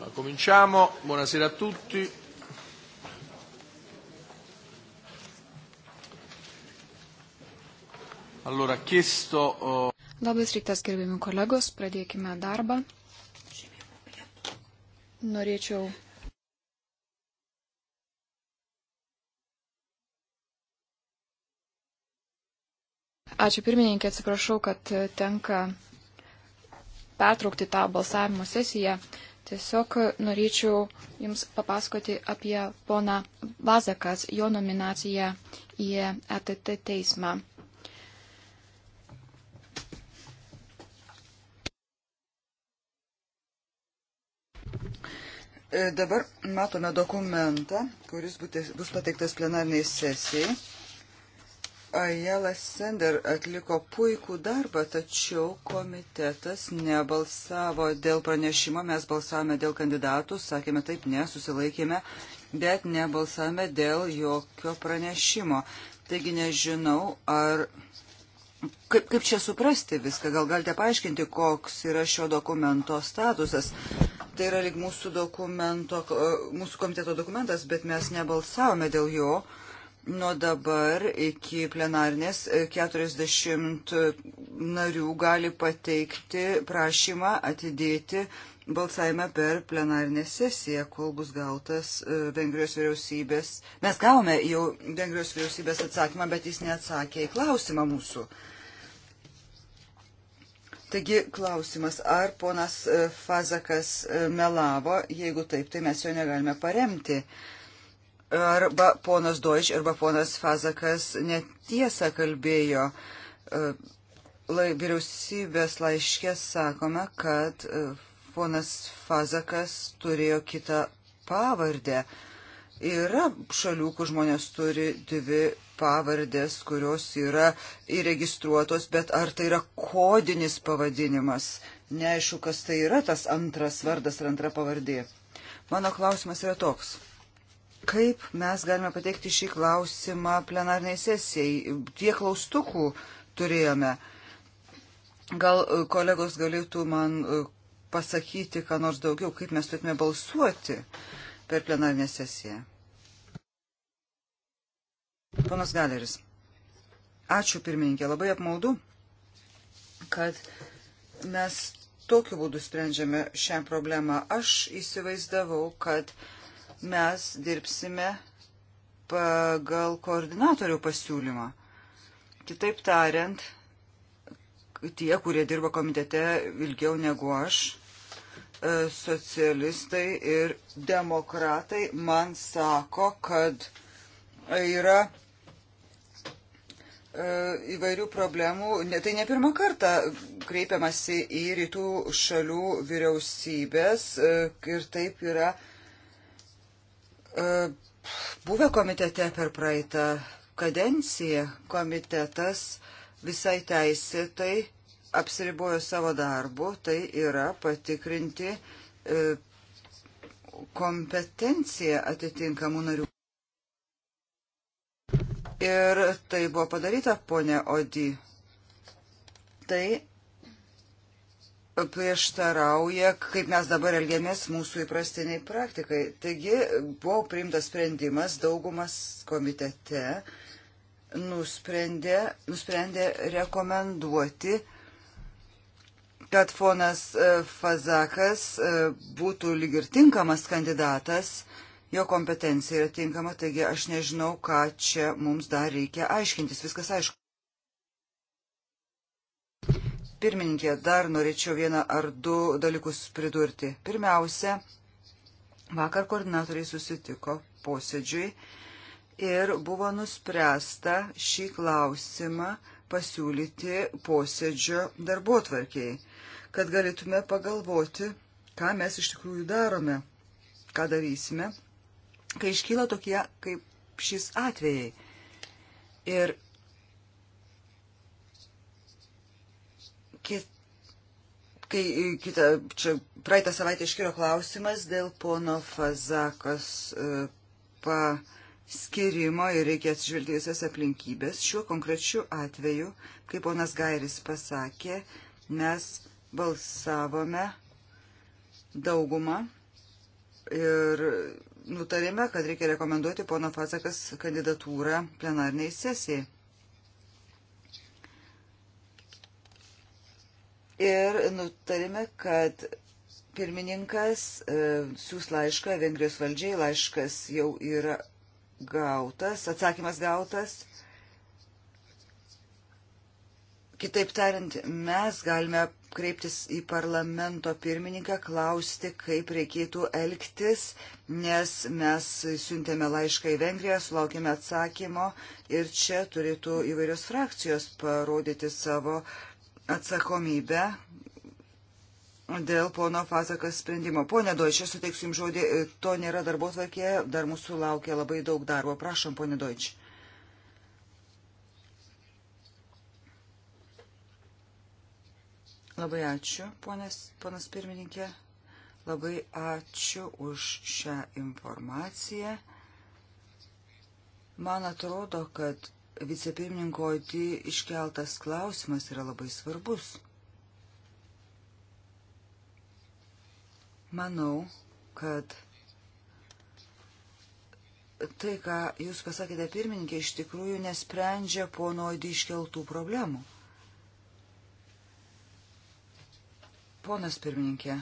Allora, cominciamo, buonasera a tutti. Allora, chiesto... Oh... Labas rytas, gerbiami kolegos, pradėkime darbą. Norėčiau Ačiū pirmininkė, atsiprašau, kad tenka pertraukti tą balsavimo sesiją. Tiesiog norėčiau Jums papasakoti apie poną Vazakas, jo nominaciją į ETT teismą. E, dabar matome dokumentą, kuris bus pateiktas plenarniai sesijai. Ajala Sender atliko puikų darbą, tačiau komitetas nebalsavo dėl pranešimo, mes balsavome dėl kandidatų, sakėme taip, ne, susilaikėme, bet nebalsavome dėl jokio pranešimo. Taigi nežinau, ar. Kaip, kaip čia suprasti viską, gal galite paaiškinti, koks yra šio dokumento statusas. Tai yra lik mūsų, mūsų komiteto dokumentas, bet mes nebalsavome dėl jo. Uh, Nuo dabar iki plenarnės 40 e, narių gali pateikti prašymą atidėti balsavimą per plenarnę sesiją, kol bus gautas e, Vengrijos vyriausybės. Mes gavome jau Vengrijos vyriausybės atsakymą, bet jis neatsakė į klausimą mūsų. Taigi klausimas, ar ponas e, Fazakas melavo, jeigu taip, tai mes jo negalime paremti. Uh, arba ponas Doič, arba ponas Fazakas netiesą kalbėjo. E, lai, vyriausybės laiškė sakome, kad e, ponas Fazakas turėjo kitą pavardę. Yra šalių, kur žmonės turi dvi pavardės, kurios yra įregistruotos, bet ar tai yra kodinis pavadinimas? Neaišku, kas tai yra tas antras vardas ar antra pavardė. Mano klausimas yra toks. Kaip mes galime pateikti šį klausimą plenarniai sesijai? Tie klaustukų turėjome. Gal e, kolegos galėtų man e, pasakyti, ką nors daugiau, kaip mes turėtume balsuoti per plenarinę sesiją. Ponas Galeris. Ačiū pirmininkė, labai apmaudu, kad mes tokiu būdu sprendžiame šią problemą. Aš įsivaizdavau, kad uh, mes dirbsime pagal koordinatorių pasiūlymą. Kitaip tariant, tie, kurie dirba komitete ilgiau negu aš, e, socialistai ir demokratai man sako, kad yra e, įvairių problemų. Tai ne pirmą kartą kreipiamasi į rytų šalių vyriausybės e, ir taip yra E, buvę komitete per praeitą kadenciją komitetas visai teisėtai apsiribojo savo darbu, tai yra patikrinti e, kompetenciją atitinkamų narių. Ir tai buvo padaryta, ponė Odi. Tai prieštarauja, kaip mes dabar elgiamės mūsų įprastiniai praktikai. Taigi buvo priimtas sprendimas, daugumas komitete nusprendė, nusprendė rekomenduoti, kad fonas e, Fazakas e, būtų lyg ir tinkamas kandidatas, jo kompetencija yra tinkama, taigi aš nežinau, ką čia mums dar reikia aiškintis, viskas aišku pirmininkė, dar norėčiau vieną ar du dalykus pridurti. Pirmiausia, vakar koordinatoriai susitiko posėdžiui ir buvo nuspręsta šį klausimą pasiūlyti posėdžio darbuotvarkiai, kad galėtume pagalvoti, ką mes iš tikrųjų darome, ką darysime, kai iškyla tokie kaip šis atvejai. Ir kai e, kitą, čia praeitą savaitę iškilo klausimas dėl pono Fazakos e, paskirimo ir reikia atsižvelgti visas aplinkybės. Šiuo konkrečiu atveju, kaip ponas Gairis pasakė, mes balsavome daugumą ir nutarėme, kad reikia rekomenduoti pono Fazakas kandidatūrą plenarniai sesijai. ir nutarėme, kad pirmininkas e, siūs laišką Vengrijos valdžiai, laiškas jau yra gautas, atsakymas gautas. Kitaip tariant, mes galime kreiptis į parlamento pirmininką, klausti, kaip reikėtų elgtis, nes mes siuntėme laišką į Vengriją, sulaukėme atsakymo ir čia turėtų įvairios frakcijos parodyti savo atsakomybę dėl pono Fazakas sprendimo. Pone Doičia, suteiksiu jums žodį, to nėra darbo tvarkėje, dar mūsų laukia labai daug darbo. Prašom, pone Doičia. Labai ačiū, ponas, ponas pirmininkė. Labai ačiū už šią informaciją. Man atrodo, kad vicepirmininko Oti iškeltas klausimas yra labai svarbus. Manau, kad tai, ką jūs pasakėte pirmininkė, iš tikrųjų nesprendžia pono Oti iškeltų problemų. Ponas pirmininkė,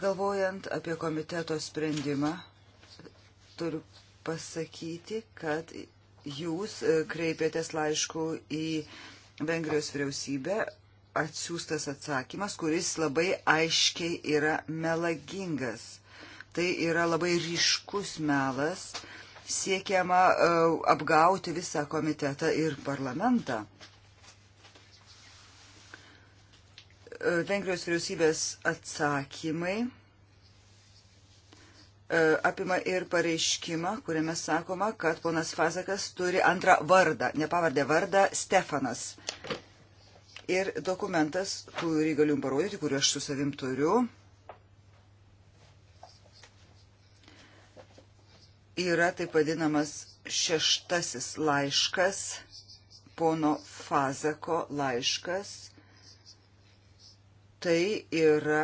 galvojant apie komiteto sprendimą, turiu pasakyti, kad jūs e, kreipėtės laišku į Vengrijos vyriausybę, atsiųstas atsakymas, kuris labai aiškiai yra melagingas. Tai yra labai ryškus melas, siekiama e, apgauti visą komitetą ir parlamentą. E, Vengrijos vyriausybės atsakymai E, apima ir pareiškimą, kuriame sakoma, kad ponas Fazakas turi antrą vardą, ne pavardę vardą, Stefanas. Ir dokumentas, kurį galiu jums parodyti, kurį aš su savim turiu, yra taip vadinamas šeštasis laiškas, pono Fazako laiškas. Tai yra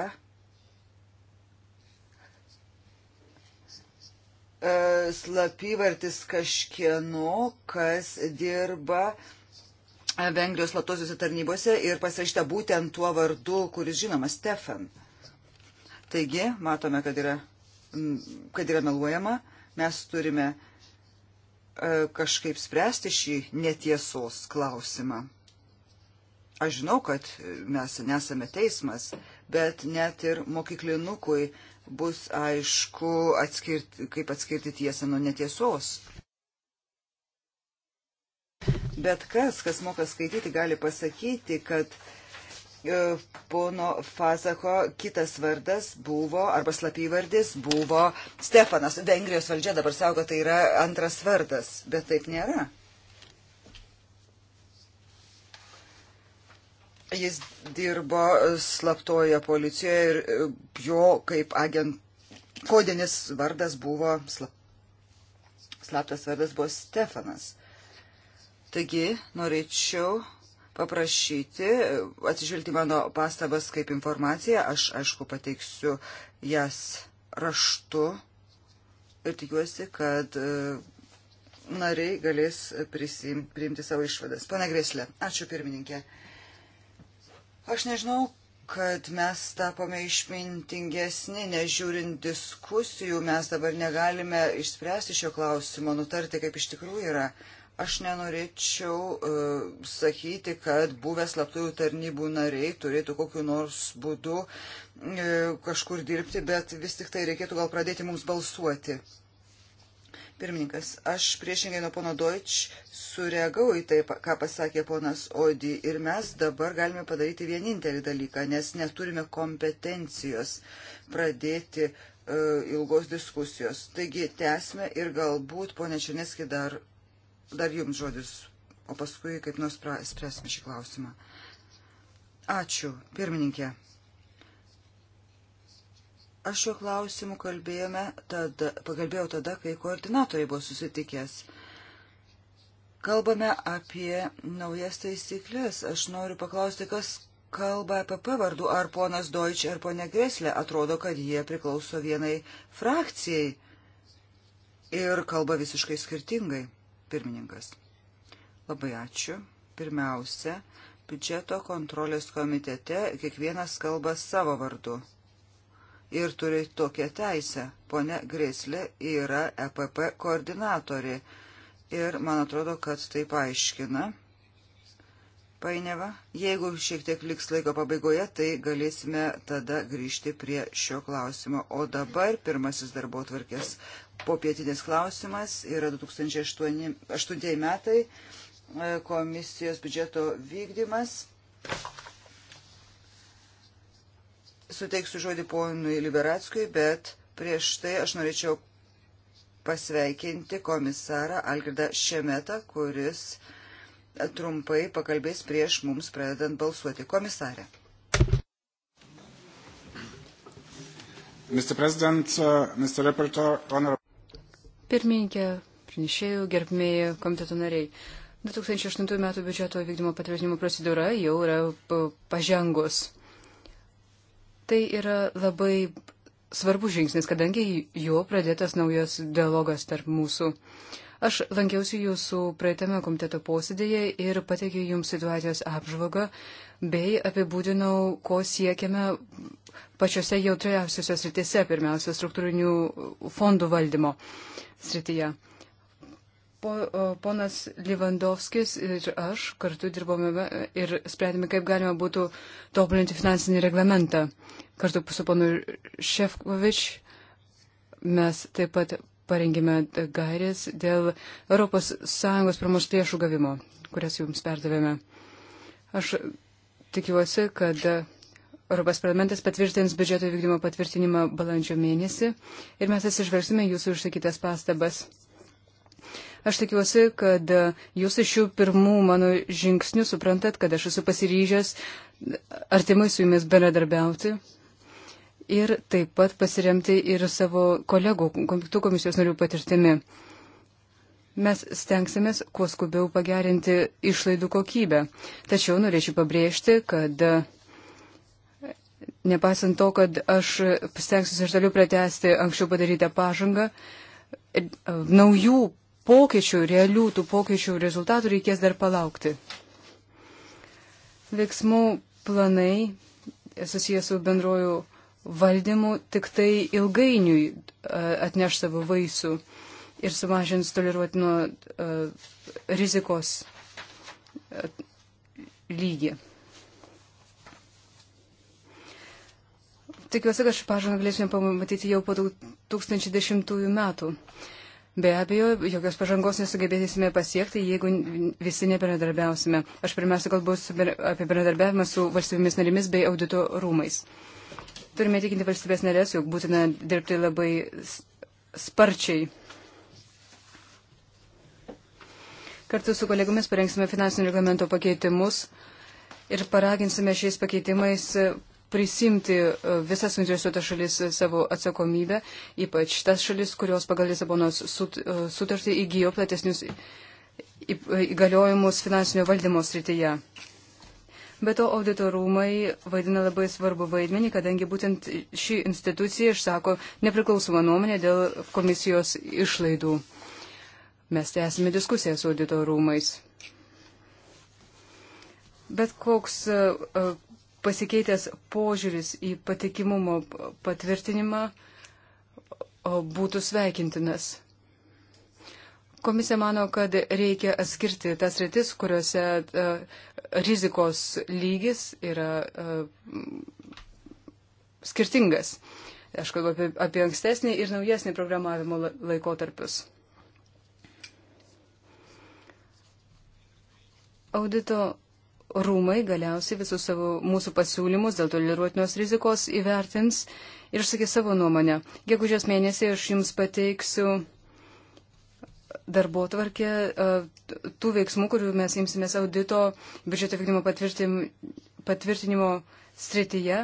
E, slapyvartis kažkieno, kas dirba e, Vengrijos slaptosiuose tarnybose ir pasirašyta būtent tuo vardu, kuris žinomas Stefan. Taigi, matome, kad yra, kad yra meluojama, mes turime e, kažkaip spręsti šį netiesos klausimą. Aš žinau, kad mes nesame teismas, bet net ir mokyklinukui bus aišku, atskirti, kaip atskirti tiesą nuo netiesos. Bet kas, kas moka skaityti, gali pasakyti, kad e, pono Fazako kitas vardas buvo, arba slapyvardis buvo Stefanas. Vengrijos valdžia dabar sako, kad tai yra antras vardas, bet taip nėra. Jis dirbo slaptoje policijoje ir e, jo kaip agent, kodinis vardas buvo, slap, slaptas vardas buvo Stefanas. Taigi, norėčiau paprašyti, e, atsižvelgti mano pastabas kaip informaciją, aš aišku pateiksiu jas raštu ir tikiuosi, kad e, nariai galės prisimti, priimti savo išvadas. Pana Greslė, ačiū pirmininkė. Aš nežinau, kad mes tapome išmintingesni, nežiūrint diskusijų, mes dabar negalime išspręsti šio klausimo, nutarti, kaip iš tikrųjų yra. Aš nenorėčiau uh, sakyti, kad buvęs slaptųjų tarnybų nariai turėtų kokiu nors būdu uh, kažkur dirbti, bet vis tik tai reikėtų gal pradėti mums balsuoti. Uh, Pirmininkas, aš priešingai nuo pono Deutsch sureagau į tai, ką pasakė ponas Odi ir mes dabar galime padaryti vienintelį dalyką, nes neturime kompetencijos pradėti uh, ilgos diskusijos. Taigi, tęsime ir galbūt, ponė Černeski, dar, dar jums žodis, o paskui kaip nors spręsime šį klausimą. Ačiū, pirmininkė. Aš šiuo klausimu kalbėjome, tada, pagalbėjau tada, kai koordinatoriai buvo susitikęs. Kalbame apie naujas taisyklės. Aš noriu paklausti, kas kalba apie pavardų, ar ponas Deutsch, ar ponė Greslė. Atrodo, kad jie priklauso vienai frakcijai ir kalba visiškai skirtingai. Pirmininkas. Labai ačiū. Pirmiausia, biudžeto kontrolės komitete kiekvienas kalba savo vardu ir turi tokią teisę. Pone Greislė yra EPP koordinatorė ir man atrodo, kad tai paaiškina. Paineva, jeigu šiek tiek liks laiko pabaigoje, tai galėsime tada grįžti prie šio klausimo. O dabar pirmasis darbo tvarkės popietinės klausimas yra 2008 metai e, komisijos biudžeto vykdymas suteiksiu žodį ponui Liberatskui, bet prieš tai aš norėčiau pasveikinti komisarą Algirdą Šemetą, kuris trumpai pakalbės prieš mums pradedant balsuoti. Komisarė. Mr. President, uh, Mr. Reporter, Honorable. Pirmininkė, pranešėjų, gerbėjai, komiteto nariai. 2008 m. biudžeto vykdymo patvirtinimo procedūra jau yra pažengus. Tai yra labai svarbus žingsnis, kadangi juo pradėtas naujas dialogas tarp mūsų. Aš lankiausi jūsų praeitame komiteto posėdėje ir pateikiau jums situacijos apžvalgą bei apibūdinau, ko siekiame pačiose jautriausiose sritise, pirmiausia, struktūrinių fondų valdymo srityje po, ponas Livandovskis ir aš kartu dirbome ir sprendėme, kaip galima būtų tobulinti finansinį reglamentą. Kartu su ponu Šefkovič mes taip pat parengėme gairės dėl ES paramos lėšų gavimo, kurias jums perdavėme. Aš tikiuosi, kad Europos parlamentas patvirtins biudžeto vykdymo patvirtinimą balandžio mėnesį ir mes atsižvelgsime jūsų išsakytas pastabas. Aš tikiuosi, kad jūs iš šių pirmų mano žingsnių suprantat, kad aš esu pasiryžęs artimai su jumis bendradarbiauti ir taip pat pasiremti ir savo kolegų, konfliktų komisijos narių patirtimi. Mes stengsimės kuo skubiau pagerinti išlaidų kokybę. Tačiau norėčiau pabrėžti, kad nepaisant to, kad aš stengsiuosi ir toliau pratesti anksčiau padarytą pažangą, naujų pokyčių, realių tų pokyčių rezultatų reikės dar palaukti. Veiksmų planai susijęs su bendroju valdymu tik tai ilgainiui e, atneš savo vaisių ir sumažins toleruotino e, rizikos e, lygį. Tikiuosi, kad šį pažangą galėsime pamatyti jau po 2010 metų. Be abejo, jokios pažangos nesugebėsime pasiekti, jeigu visi nebendradarbiausime. Aš pirmiausia kalbu apie bendradarbiavimą su valstybėmis narimis bei audito rūmais. Turime tikinti valstybės narės, jog būtina dirbti labai sparčiai. Kartu su kolegomis parengsime finansinio reglamento pakeitimus ir paraginsime šiais pakeitimais prisimti e, visas suinteresuotas šalis savo atsakomybę, ypač tas šalis, kurios pagal Lisabonos sut, e, sutartį įgyjo platesnius įgaliojimus finansinio valdymo srityje. Be to, audito rūmai vaidina labai svarbu vaidmenį, kadangi būtent ši institucija išsako nepriklausomą nuomonę dėl komisijos išlaidų. Mes tęsime diskusiją su audito rūmais. Bet koks uh, pasikeitęs požiūris į patikimumo patvirtinimą būtų sveikintinas. Komisija mano, kad reikia atskirti tas rytis, kuriuose uh, rizikos lygis yra uh, skirtingas. Aš kalbu apie, apie ankstesnį ir naujesnį programavimo laikotarpius. Audito rūmai galiausiai visus savo mūsų pasiūlymus dėl toleruotinos rizikos įvertins ir sakys savo nuomonę. Gegužės mėnesį aš jums pateiksiu darbo tvarkė tų veiksmų, kurių mes imsimės audito biudžeto vykdymo patvirtinimo srityje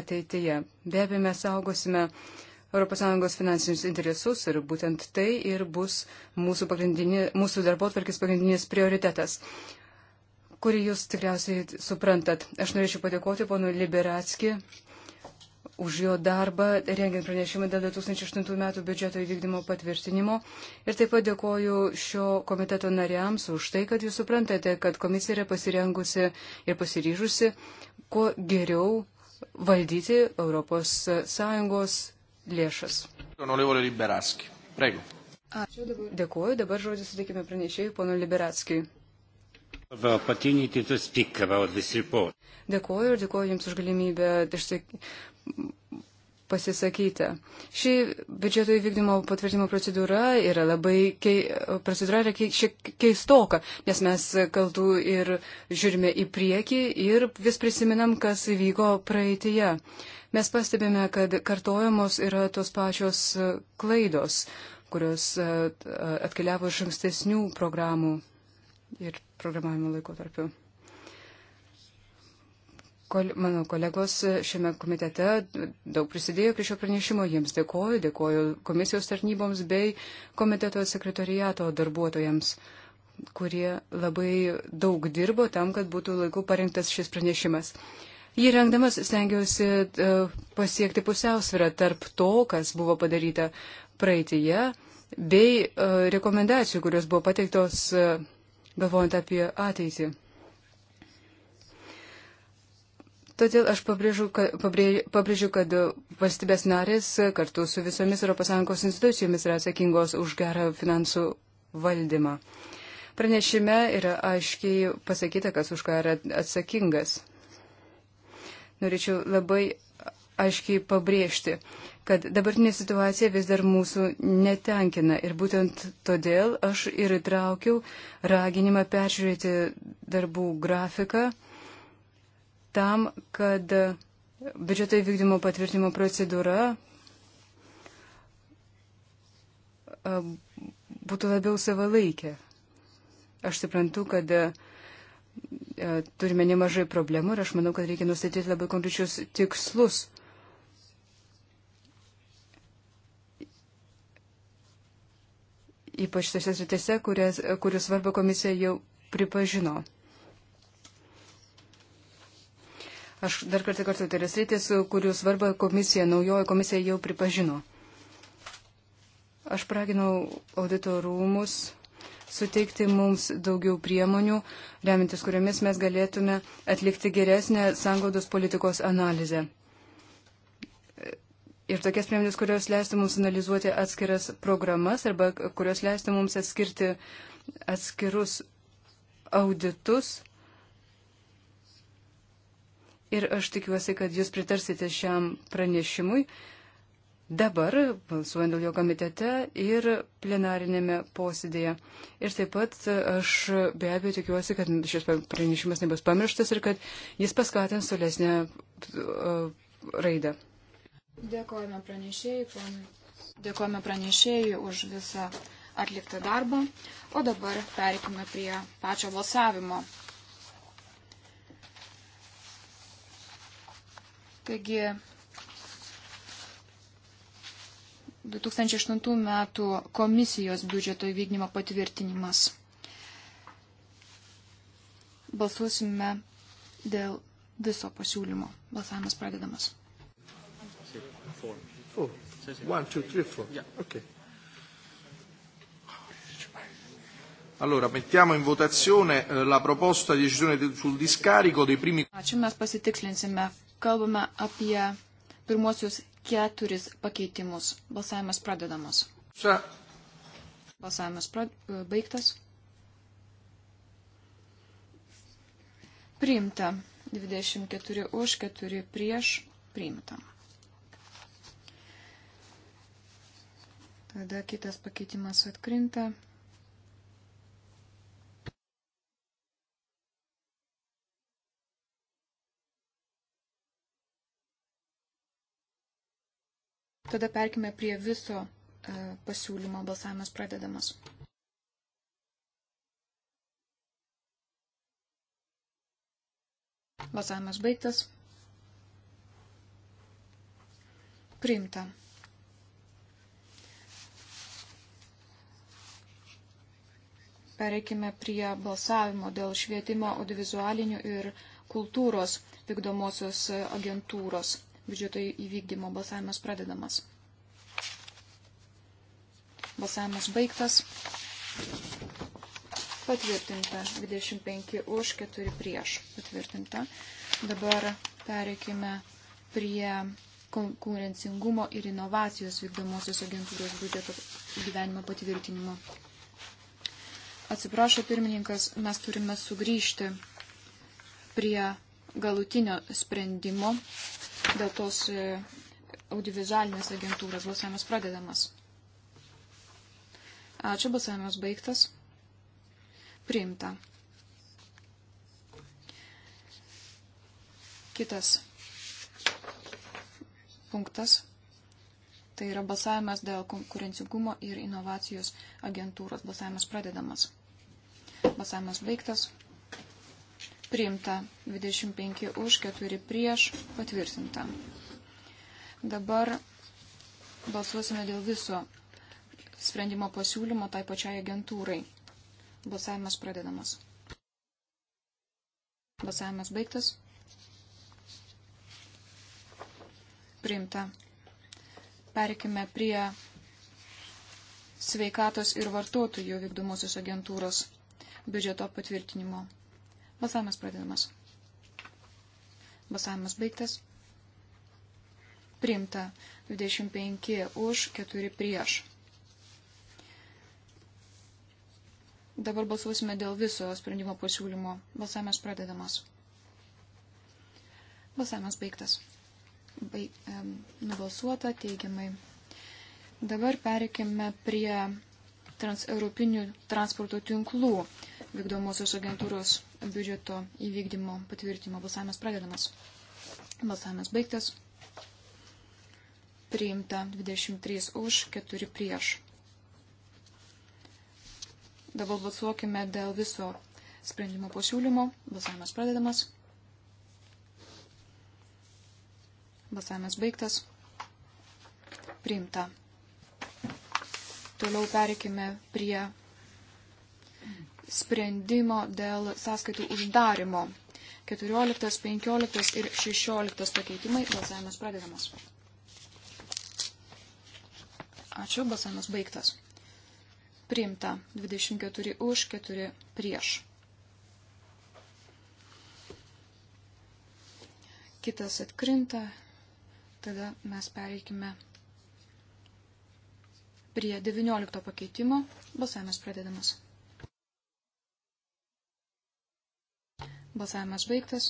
ateityje. Be abejo, mes saugosime ES finansinius interesus ir būtent tai ir bus mūsų, mūsų darbo tvarkės pagrindinis prioritetas kurį jūs tikriausiai suprantat. Aš norėčiau padėkoti ponui Liberatski už jo darbą, rengiant pranešimą dėl 2008 metų biudžeto įvykdymo patvirtinimo. Ir taip pat dėkoju šio komiteto nariams už tai, kad jūs suprantate, kad komisija yra pasirengusi ir pasiryžusi, kuo geriau valdyti ES lėšas. Dėkuoju, dabar žodį sutikime pranešėjui, pono Liberatskijui. Dėkuoju ir dėkuoju Jums už galimybę išsakyti pasisakyti. Ši biudžeto įvykdymo patvirtimo procedūra yra labai kei, procedūra yra kei, šiek keistoka, nes mes kaltų ir žiūrime į priekį ir vis prisiminam, kas įvyko praeitėje. Mes pastebėme, kad kartojamos yra tos pačios klaidos, kurios e, atkeliavo iš ankstesnių programų ir programavimo laikotarpiu. Kol, mano kolegos šiame komitete daug prisidėjo prie šio pranešimo, jiems dėkoju, dėkoju komisijos tarnyboms bei komiteto sekretoriato darbuotojams, kurie labai daug dirbo tam, kad būtų laiku parinktas šis pranešimas. Jį rengdamas stengiausi e, pasiekti pusiausvyrą tarp to, kas buvo padaryta praeitįje, bei e, rekomendacijų, kurios buvo pateiktos e, galvojant apie ateitį. Todėl aš pabrėžiu, kad, pabrė, pabrėžiu, kad valstybės narės kartu su visomis ES institucijomis yra atsakingos už gerą finansų valdymą. Pranešime yra aiškiai pasakyta, kas už ką yra atsakingas. Norėčiau labai aiškiai pabrėžti, kad dabartinė situacija vis dar mūsų netenkina. Ir būtent todėl aš ir įtraukiau raginimą peržiūrėti darbų grafiką tam, kad biudžeto įvykdymo patvirtimo procedūra būtų labiau savalaikė. Aš suprantu, kad turime nemažai problemų ir aš manau, kad reikia nustatyti labai konkrečius tikslus ypač tose sritise, kurių svarbą komisija jau pripažino. Aš dar kartą kartu, tai yra sritis, kurių svarbą komisija, naujoji komisija jau pripažino. Aš praginau auditorumus suteikti mums daugiau priemonių, remintis kuriomis mes galėtume atlikti geresnę sanglaudos politikos analizę. Ir tokias priemonės, kurios leistų mums analizuoti atskiras programas arba kurios leistų mums atskirti atskirus auditus. Ir aš tikiuosi, kad jūs pritarsite šiam pranešimui dabar, balsuojant dėl jo komitete ir plenarinėme posėdėje. Ir taip pat aš be abejo tikiuosi, kad šis pranešimas nebus pamirštas ir kad jis paskatins tolesnę uh, raidą. Dėkojame pranešėjai, ponui. Dėkojame pranešėjai už visą atliktą darbą. O dabar perikime prie pačio balsavimo. Taigi 2008 metų komisijos biudžeto įvykdymo patvirtinimas. Balsuosime dėl viso pasiūlymo. Balsavimas pradedamas four. Four. One, two, three, four. Yeah. Okay. Allora, mettiamo in votazione eh, la proposta di decisione sul discarico dei primi... Ačiū, mes pasitikslinsime. Kalbame apie pirmosius keturis pakeitimus. Balsavimas pradedamas. Sa. Balsavimas prad... E, baigtas. Priimta. 24 už, 4 prieš. Priimta. Tada kitas pakeitimas atkrinta. Tada perkime prie viso e, pasiūlymo balsavimas pradedamas. Balsavimas baigtas. Priimta. Pereikime prie balsavimo dėl švietimo audiovizualinių ir kultūros vykdomosios agentūros. Biudžeto įvykdymo balsavimas pradedamas. Balsavimas baigtas. Patvirtinta 25 už 4 prieš. Patvirtinta. Dabar pereikime prie konkurencingumo ir inovacijos vykdomosios agentūros biudžeto gyvenimo patvirtinimo. Atsiprašau, pirmininkas, mes turime sugrįžti prie galutinio sprendimo dėl tos e, audiovizualinės agentūros balsavimas pradedamas. Ačiū, balsavimas baigtas. Priimta. Kitas punktas Tai yra balsavimas dėl konkurencingumo ir inovacijos agentūros. Balsavimas pradedamas. Balsavimas baigtas. Priimta 25 už, 4 prieš, patvirtinta. Dabar balsuosime dėl viso sprendimo pasiūlymo tai pačiai agentūrai. Balsavimas pradedamas. Balsavimas baigtas. Priimta Perkime prie sveikatos ir vartotojų vykdomosios agentūros biudžeto patvirtinimo. Balsavimas pradedamas. Balsavimas baigtas. Priimta 25 už, 4 prieš. Dabar balsuosime dėl viso sprendimo pasiūlymo. Balsavimas pradedamas. Balsavimas baigtas baig, um, nubalsuota teigiamai. Dabar perikime prie transeuropinių transporto tinklų vykdomosios agentūros biudžeto įvykdymo patvirtimo. Balsavimas pradedamas. Balsavimas baigtas. Priimta 23 už, 4 prieš. Dabar balsuokime dėl viso sprendimo pasiūlymo. Balsavimas pradedamas. Balsavimas baigtas. Priimta. Toliau pereikime prie sprendimo dėl sąskaitų uždarimo. 14, 15 ir 16 pakeitimai. Balsavimas pradedamas. Ačiū. Balsavimas baigtas. Priimta. 24 už, 4 prieš. Kitas atkrinta. Tada mes pereikime prie 19 pakeitimo. Balsavimas pradedamas. Balsavimas baigtas.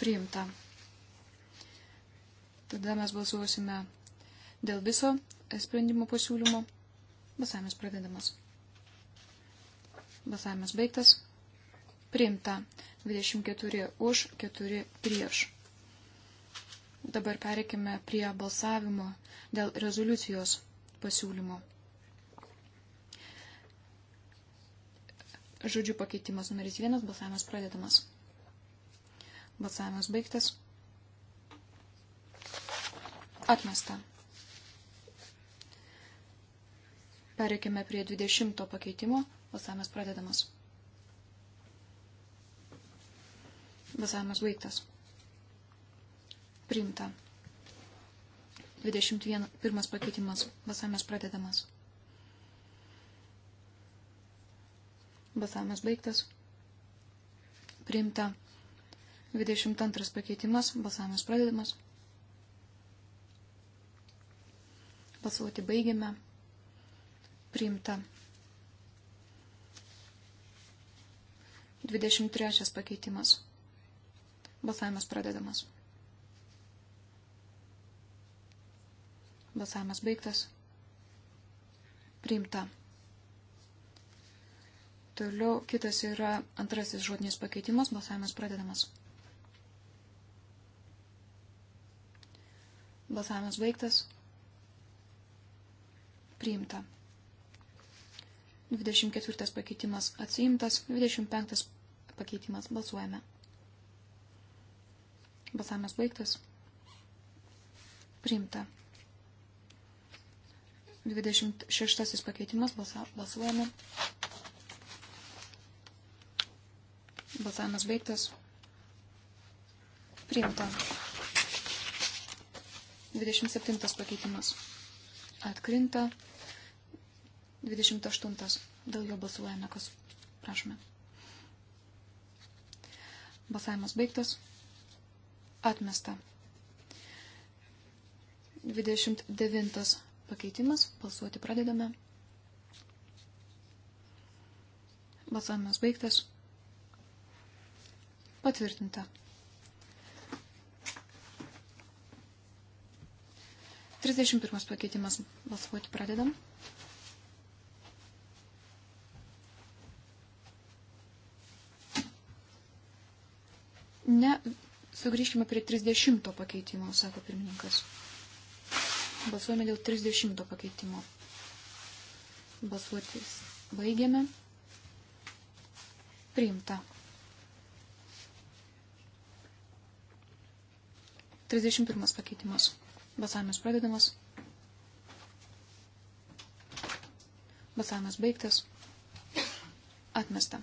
Priimta. Tada mes balsuosime dėl viso sprendimo pasiūlymo. Balsavimas pradedamas. Balsavimas baigtas. Priimta. 24 už, 4 prieš. Dabar pereikime prie balsavimo dėl rezoliucijos pasiūlymo. Žodžių pakeitimas numeris vienas, balsavimas pradedamas. Balsavimas baigtas. Atmesta. Pereikime prie 20 pakeitimo. Balsavimas pradedamas. Balsavimas baigtas. Primta. 21 pakeitimas. Balsavimas pradedamas. Balsavimas baigtas. Priimta. 22 pakeitimas. Balsavimas pradedamas. Balsuoti baigiame. Priimta. 23 pakeitimas. Balsavimas pradedamas. Balsavimas baigtas. Priimta. Toliau kitas yra antrasis žodinis pakeitimas. Balsavimas pradedamas. Balsavimas baigtas. Priimta. 24 pakeitimas atsiimtas. 25 pakeitimas balsuojame. Balsavimas baigtas. Priimta. 26 pakeitimas. Balsuojame. Balsavimas baigtas. Priimta. 27 pakeitimas. Atkrinta. 28. Dėl jo balsuojame, kas prašome. Balsavimas baigtas. Atmesta. 29 pakeitimas. Balsuoti pradedame. Balsavimas baigtas. Patvirtinta. 31 pakeitimas. Balsuoti pradedam. Ne, sugrįžkime prie 30 pakeitimo, sako pirmininkas. Balsuojame dėl 30 pakeitimo. Balsuotis baigiame. Priimta. 31 pakeitimas. Balsavimas pradedamas. Balsavimas baigtas. Atmesta.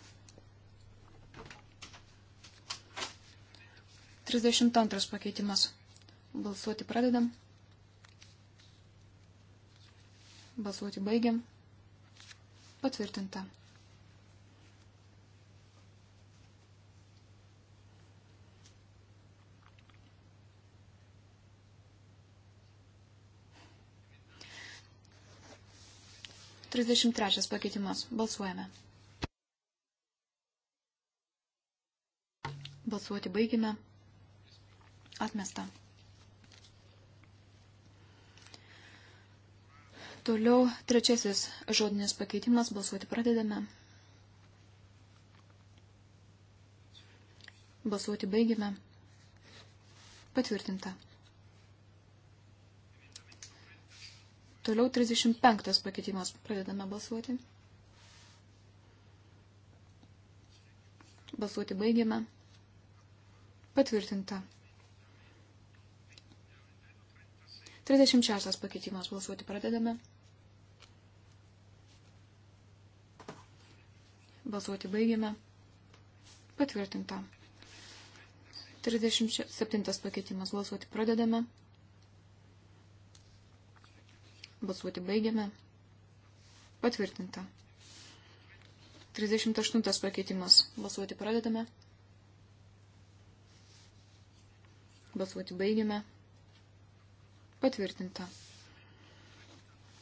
32 pakeitimas. Balsuoti pradedam. Balsuoti baigiam. Patvirtinta. Trisdešimt trečias pakeitimas. Balsuojame. Balsuoti baigime. Atmesta. Toliau trečiasis žodinis pakeitimas. Balsuoti pradedame. Balsuoti baigime. Patvirtinta. Toliau 35 pakeitimas. Pradedame balsuoti. Balsuoti baigėme. Patvirtinta. 36 pakeitimas. Balsuoti pradedame. Balsuoti baigiame. Patvirtinta. 37 pakeitimas. Balsuoti pradedame. Balsuoti baigiame. Patvirtinta. 38 pakeitimas. Balsuoti pradedame. Balsuoti baigiame. Patvirtinta.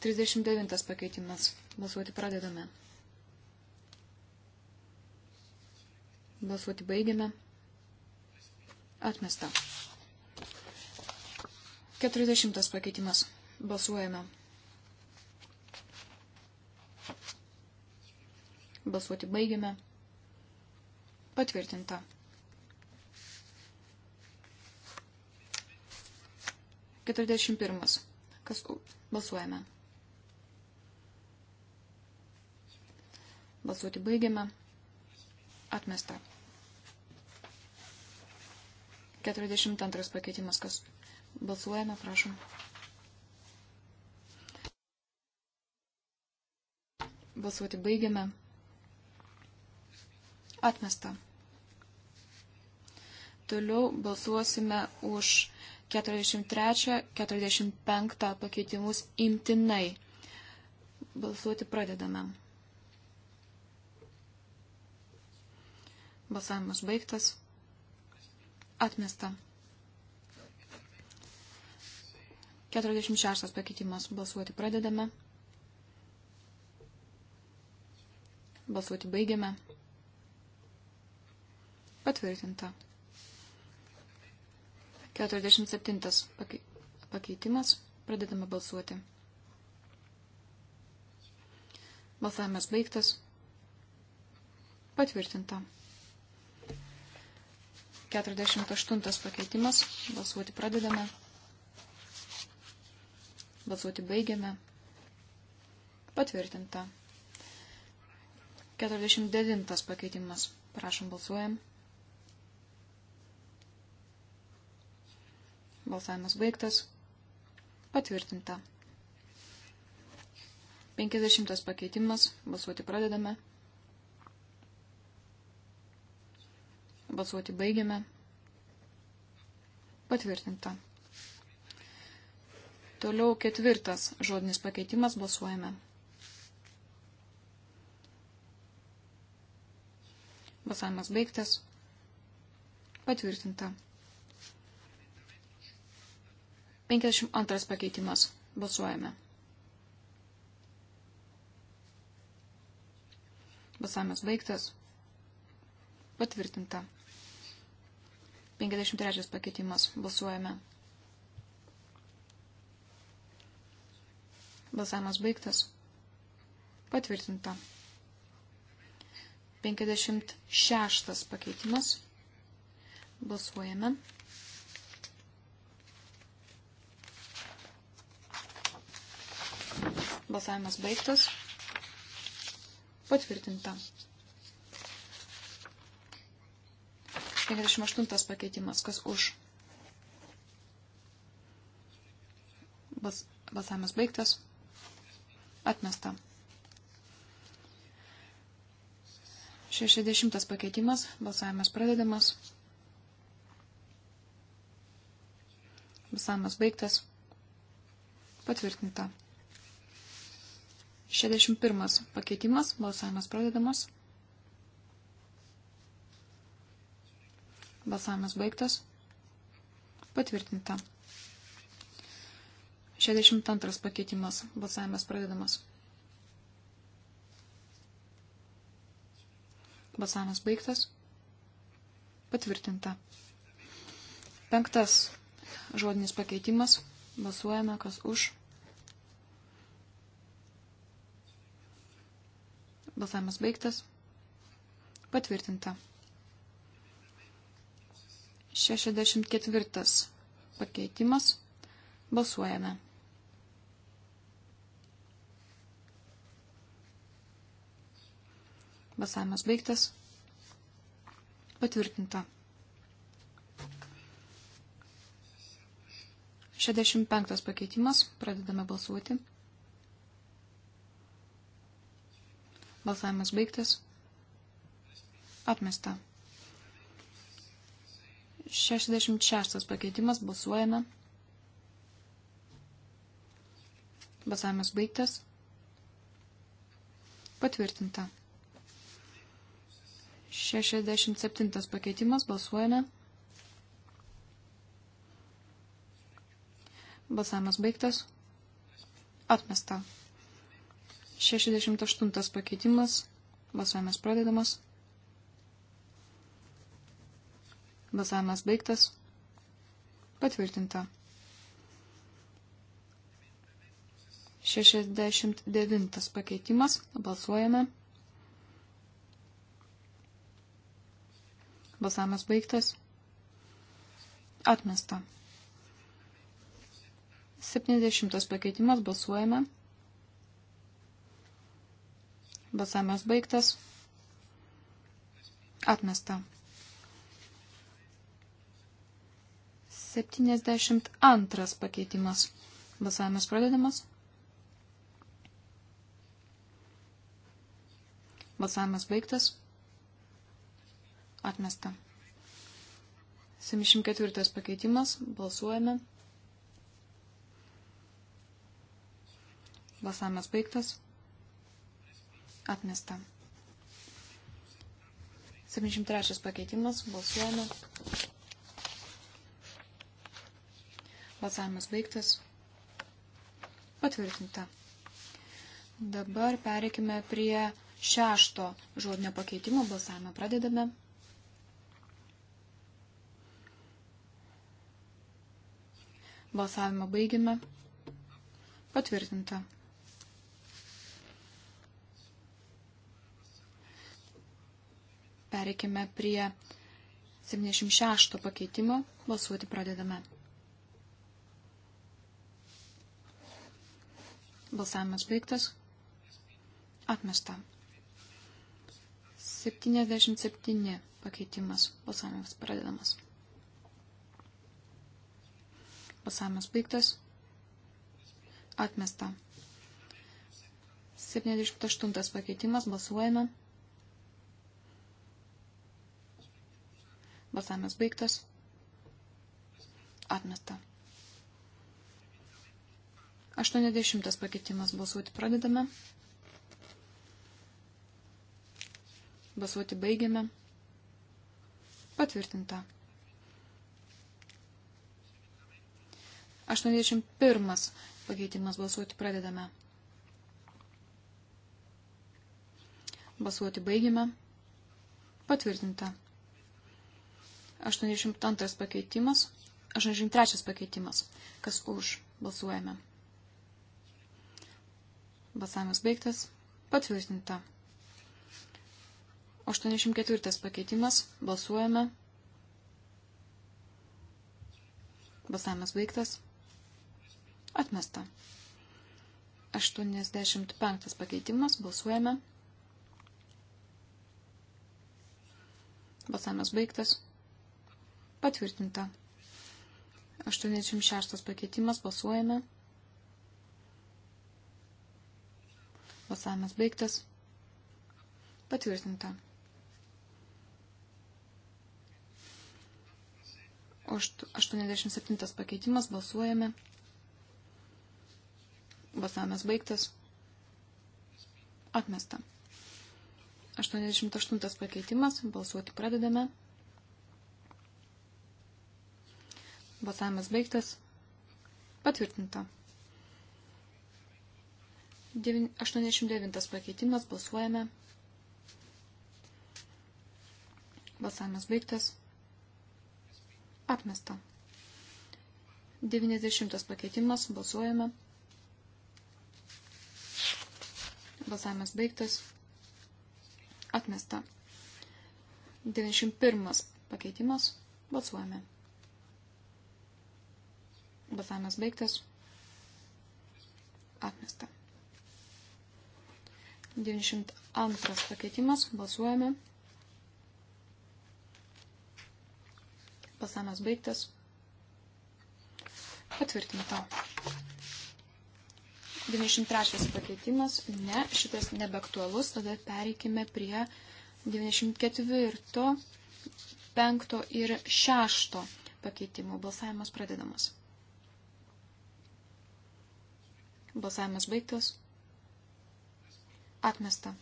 39 pakeitimas. Balsuoti pradedame. Balsuoti baigiame. Atmesta. 40 pakeitimas. Balsuojame. Balsuoti baigiame. Patvirtinta. 41. Kas balsuojame? Balsuoti baigiame. Atmesta. 42 pakeitimas, kas balsuojame, prašom. Balsuoti baigiame. Atmesta. Toliau balsuosime už 43-45 pakeitimus imtinai. Balsuoti pradedame. Balsavimas baigtas. Atmesta. 46 pakeitimas. Balsuoti pradedame. Balsuoti baigiame. Patvirtinta. 47 pakeitimas. Pradedame balsuoti. Balsavimas baigtas. Patvirtinta. 48 pakeitimas. Balsuoti pradedame. Balsuoti baigiame. Patvirtinta. 49 pakeitimas. Prašom balsuojam. Balsavimas baigtas. Patvirtinta. 50 pakeitimas. Balsuoti pradedame. Balsuoti baigiame. Patvirtinta. Toliau ketvirtas žodinis pakeitimas balsuojame. Balsavimas baigtas. Patvirtinta. 52 pakeitimas. Balsuojame. Balsavimas baigtas. Patvirtinta. 53 pakeitimas. Balsuojame. Balsavimas baigtas. Patvirtinta. 56 pakeitimas. Balsuojame. Balsavimas baigtas. Patvirtinta. 58 pakeitimas. Kas už? Bals, balsavimas baigtas. Atmesta. 60 pakeitimas. Balsavimas pradedamas. Balsavimas baigtas. Patvirtinta. 61 pakeitimas. Balsavimas pradedamas. Balsavimas baigtas. Patvirtinta. 62 pakeitimas. Balsavimas pradedamas. Balsavimas baigtas. Patvirtinta. Penktas žodinis pakeitimas. Balsuojame, kas už. Balsavimas baigtas. Patvirtinta. 64 pakeitimas. Balsuojame. Balsavimas baigtas. Patvirtinta. 65 pakeitimas. Pradedame balsuoti. Balsavimas baigtas. Atmesta. 66 pakeitimas. Balsuojame. Balsavimas baigtas. Patvirtinta. 67 pakeitimas. Balsuojame. Balsavimas baigtas. Atmesta. 68 pakeitimas. Balsavimas pradedamas. Balsavimas baigtas. Patvirtinta. 69 pakeitimas. Balsuojame. Balsavimas baigtas. Atmesta. 70 pakeitimas. Balsuojame. Balsavimas baigtas. Atmesta. 72 pakeitimas. Balsavimas pradedamas. Balsavimas baigtas. Atmesta. 74 pakeitimas. Balsuojame. Balsavimas baigtas. Atmesta. 73 pakeitimas. Balsuojame. Balsavimas baigtas. Patvirtinta. Dabar pereikime prie šešto žodinio pakeitimo. Balsavimą pradedame. Balsavimą baigime. Patvirtinta. Pereikime prie 76 pakeitimo. Balsuoti pradedame. Balsavimas baigtas. Atmesta. 77 pakeitimas. Balsavimas pradedamas. Balsavimas baigtas. Atmesta. 78 pakeitimas. Balsuojame. Balsavimas baigtas. Atmesta. 80 pakeitimas balsuoti pradedame. Balsuoti baigiame. Patvirtinta. 81 pakeitimas balsuoti pradedame. Balsuoti baigiame. Patvirtinta. 82 pakeitimas. 83 pakeitimas. Kas už? Balsuojame. Balsavimas baigtas. Patvirtinta. 84 pakeitimas. Balsuojame. Balsavimas baigtas. Atmesta. 85 pakeitimas. Balsuojame. Balsavimas baigtas. Patvirtinta. 86 pakeitimas. Balsuojame. Balsavimas baigtas. Patvirtinta. O 87 pakeitimas balsuojame. Balsavimas baigtas. Atmesta. 88 pakeitimas. Balsuoti pradedame. Balsavimas baigtas. Patvirtinta. 89 pakeitimas. Balsuojame. Balsavimas baigtas. Atmesta. 90 pakeitimas. Balsuojame. Balsavimas baigtas. Atmesta. 91 pakeitimas. Balsuojame. Balsavimas baigtas. Atmesta. 92 pakeitimas. Balsuojame. Balsavimas baigtas. Patvirtinta. 93 pakeitimas. Ne, šitas nebeaktualus. Tada pereikime prie 94, 5 ir 6 pakeitimų. Balsavimas pradedamas. Balsavimas baigtas. Atmesta.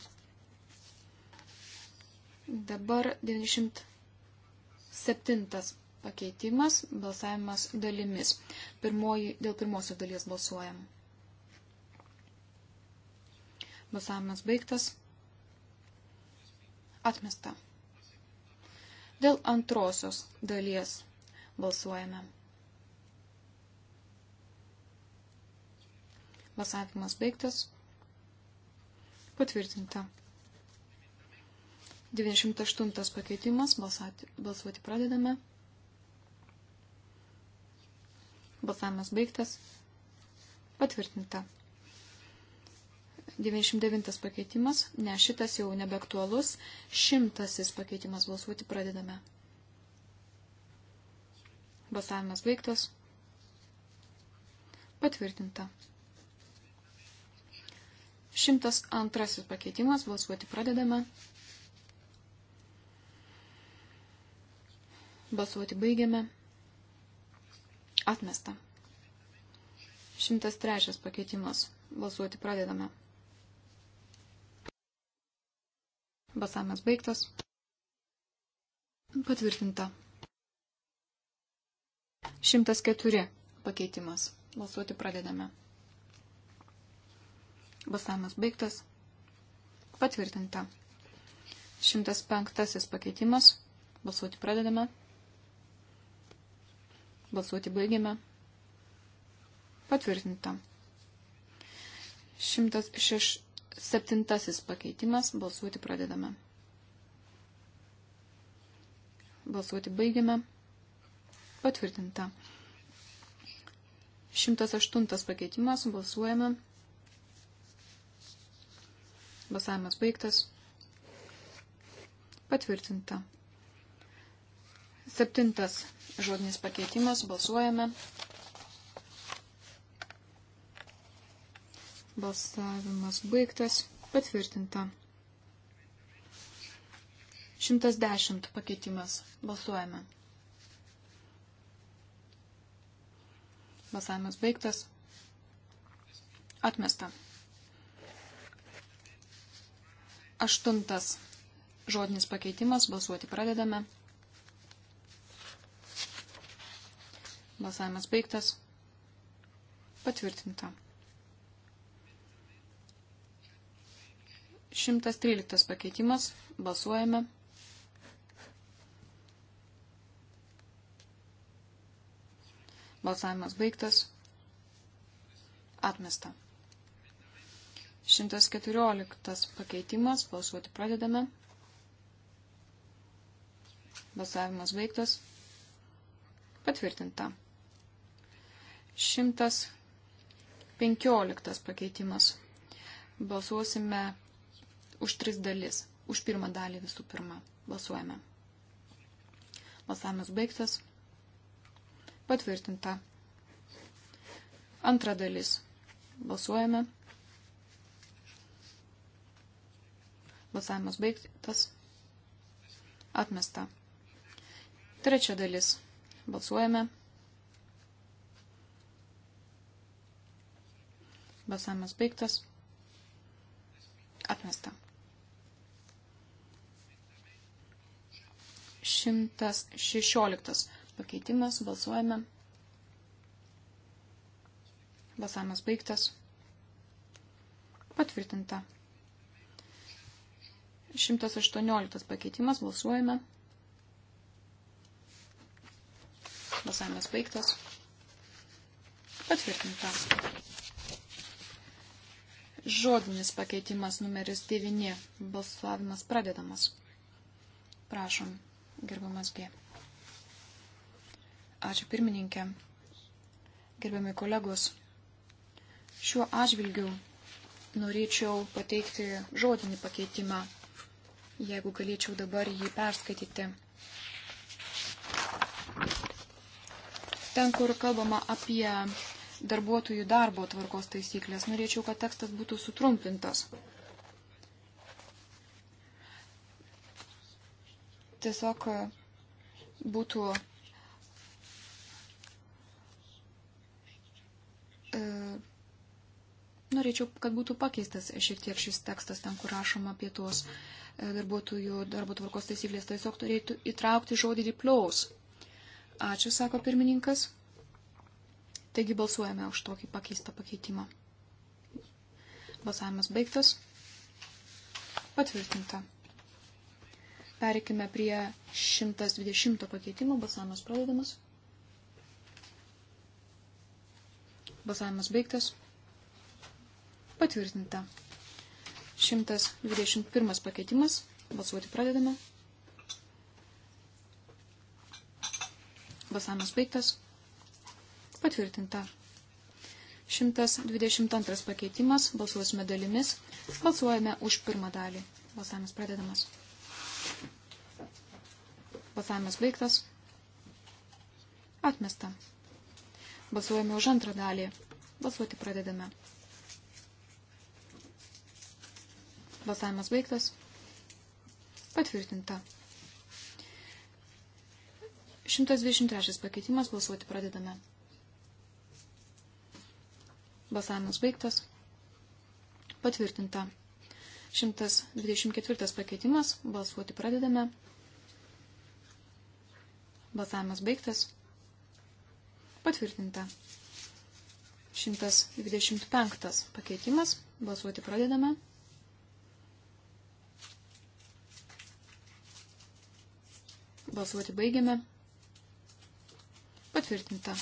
Dabar 97 pakeitimas, balsavimas dalimis. Pirmoji, dėl pirmosios dalies balsuojam. Balsavimas baigtas. Atmesta. Dėl antrosios dalies balsuojame. Balsavimas baigtas. Patvirtinta. 98 pakeitimas. Balsati, balsuoti pradedame. Balsavimas baigtas. Patvirtinta. 99 pakeitimas. Ne, šitas jau nebeaktualus. Šimtasis pakeitimas. Balsuoti pradedame. Balsavimas baigtas. Patvirtinta. 102 pakeitimas, balsuoti pradedame. Balsuoti baigiame. Atmesta. 103 pakeitimas, balsuoti pradedame. Basavimas baigtas. Patvirtinta. 104 pakeitimas. Balsuoti pradedame. Balsavimas baigtas. Patvirtinta. 105 pakeitimas. Balsuoti pradedame. Balsuoti baigiame. Patvirtinta. 107 pakeitimas. Balsuoti pradedame. Balsuoti baigiame. Patvirtinta. 108 pakeitimas. Balsuojame. Balsavimas baigtas. Patvirtinta. Septintas žodinis pakeitimas. Balsuojame. Balsavimas baigtas. Patvirtinta. 110 pakeitimas. Balsuojame. Balsavimas baigtas. Atmesta. Aštuntas žodinis pakeitimas. Balsuoti pradedame. Balsavimas baigtas. Patvirtinta. 113 pakeitimas. Balsuojame. Balsavimas baigtas. Atmesta. 114 pakeitimas. Balsuoti pradedame. Balsavimas baigtas. Patvirtinta. 115 pakeitimas. Balsuosime už tris dalis. Už pirmą dalį visų pirma. Balsuojame. Balsavimas baigtas. Patvirtinta. Antra dalis. Balsuojame. Balsavimas baigtas. Atmesta. Trečia dalis. Balsuojame. Balsavimas baigtas. Atmesta. 116 pakeitimas. Balsuojame. Balsavimas baigtas. Patvirtinta. 118 pakeitimas, balsuojame. Balsavimas baigtas. Patvirtinta. Žodinis pakeitimas numeris 9. Balsavimas pradedamas. Prašom, gerbamas G. Ačiū pirmininkė. Gerbiami kolegos, šiuo atžvilgiu norėčiau pateikti žodinį pakeitimą jeigu galėčiau dabar jį perskaityti. Ten, kur kalbama apie darbuotojų darbo tvarkos taisyklės, norėčiau, kad tekstas būtų sutrumpintas. Tiesiog būtų e, Norėčiau, kad būtų pakeistas šiek tiek šis tekstas ten, kur rašoma apie tuos e, darbuotojų darbo tvarkos taisyklės. Tiesiog turėtų įtraukti žodį diplaus. Ačiū, sako pirmininkas. Taigi balsuojame už tokį pakeistą pakeitimą. Balsavimas baigtas. Patvirtinta. Pereikime prie 120 pakeitimo. Balsavimas pradedamas. Balsavimas baigtas. Patvirtinta. 121 pakeitimas. Balsuoti pradedame. Balsavimas baigtas. Patvirtinta. 122 pakeitimas. Balsuosime dalimis. Balsuojame už pirmą dalį. Balsavimas pradedamas. Balsavimas baigtas. Atmesta. Balsuojame už antrą dalį. Balsuoti pradedame. Balsavimas baigtas. Patvirtinta. 123 pakeitimas. Balsuoti pradedame. Balsavimas baigtas. Patvirtinta. 124 pakeitimas. Balsuoti pradedame. Balsavimas baigtas. Patvirtinta. 125 pakeitimas. Balsuoti pradedame. Balsuoti baigiame. Patvirtinta.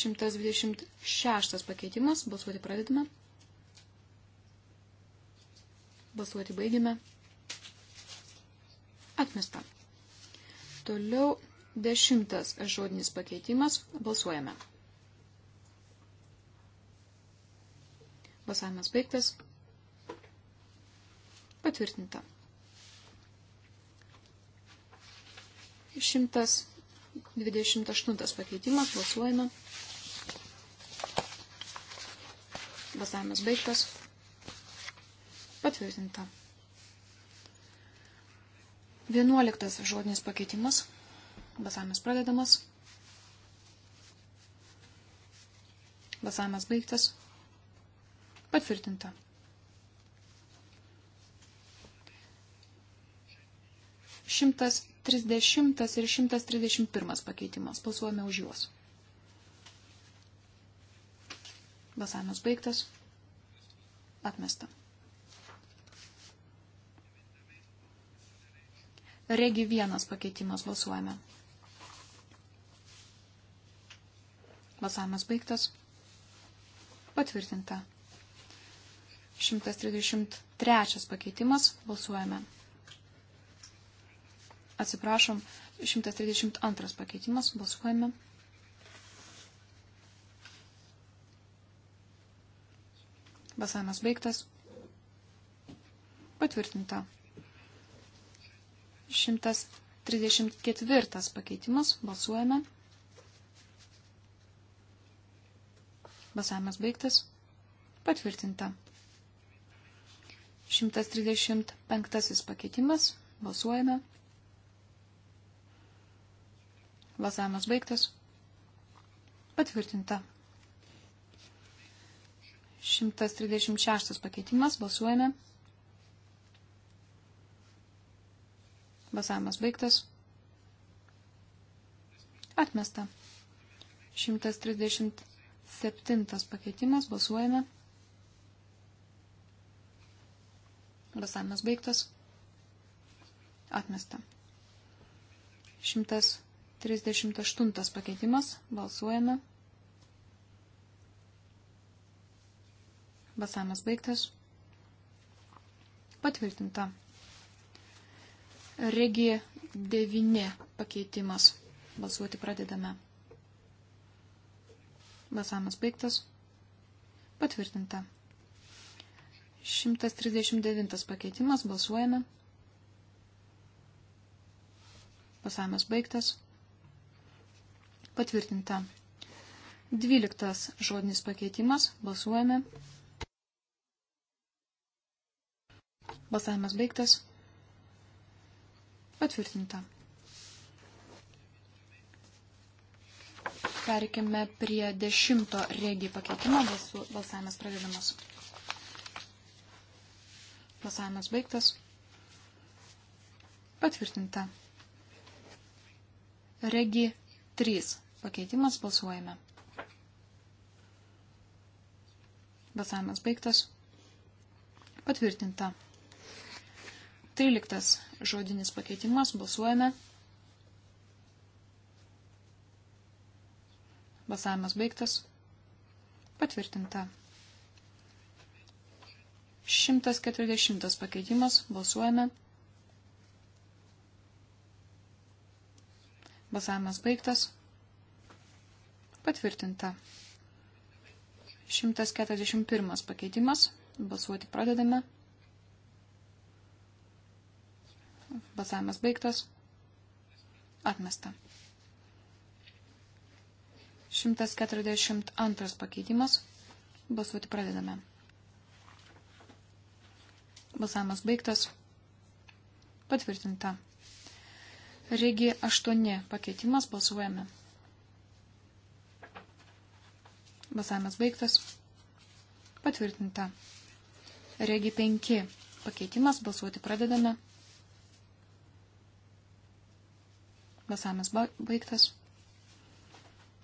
126 pakeitimas. Balsuoti pradedame. Balsuoti baigiame. Atmesta. Toliau dešimtas žodinis pakeitimas. Balsuojame. Balsavimas baigtas. Patvirtinta. 128 pakeitimas, balsuojame. Balsavimas baigtas. Patvirtinta. 11 žodinis pakeitimas. Balsavimas pradedamas. Balsavimas baigtas. Patvirtinta. Šimtas 130 ir 131 pakeitimas. Balsuojame už juos. Balsavimas baigtas. Atmesta. Regi vienas pakeitimas balsuojame. Balsavimas baigtas. Patvirtinta. 133 pakeitimas balsuojame. Atsiprašom, 132 pakeitimas, balsuojame. Basavimas baigtas. Patvirtinta. 134 pakeitimas, balsuojame. Basavimas baigtas. Patvirtinta. 135 pakeitimas, balsuojame. Balsavimas baigtas. Patvirtinta. 136 pakeitimas. Balsuojame. Balsavimas baigtas. Atmesta. 137 pakeitimas. Balsuojame. Balsavimas baigtas. Atmesta. 100. 38 pakeitimas. Balsuojame. Basamas baigtas. Patvirtinta. Regija 9 pakeitimas. Balsuoti pradedame. Basamas baigtas. Patvirtinta. 139 pakeitimas. Balsuojame. Basamas baigtas. Patvirtinta. 12. Žodinis pakeitimas. Balsuojame. Balsavimas baigtas. Patvirtinta. Perikime prie 10 regijų pakeitimo. Balsavimas pradedamas. Balsavimas baigtas. Patvirtinta. Regi 3 pakeitimas balsuojame. Balsavimas baigtas. Patvirtinta. 13. Žodinis pakeitimas. Balsuojame. Balsavimas baigtas. Patvirtinta. 140 pakeitimas. Balsuojame. Balsavimas baigtas. Patvirtinta. 141 pakeitimas. Balsuoti pradedame. Balsavimas baigtas. Atmesta. 142 pakeitimas. Balsuoti pradedame. Balsavimas baigtas. Patvirtinta. Regi 8 pakeitimas. Balsuojame. Balsavimas baigtas. Patvirtinta. Regi 5. Pakeitimas. Balsuoti pradedame. Balsavimas baigtas.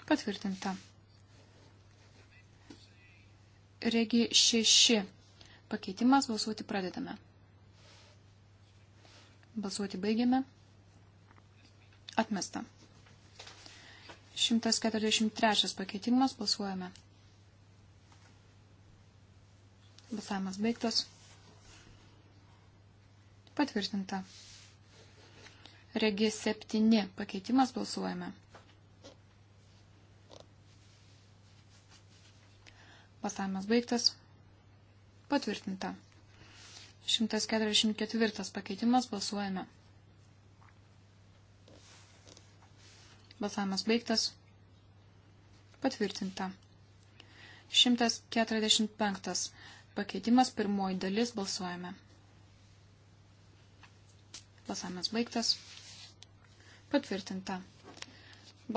Patvirtinta. Regi 6. Pakeitimas. Balsuoti pradedame. Balsuoti baigiame. Atmesta. 143 pakeitimas. Balsuojame. Balsavimas baigtas. Patvirtinta. Regi 7 pakeitimas. Balsuojame. Balsavimas baigtas. Patvirtinta. 144 pakeitimas. Balsuojame. Balsavimas baigtas. Patvirtinta. 145. Pakeitimas pirmoji dalis balsuojame. Balsavimas baigtas. Patvirtinta.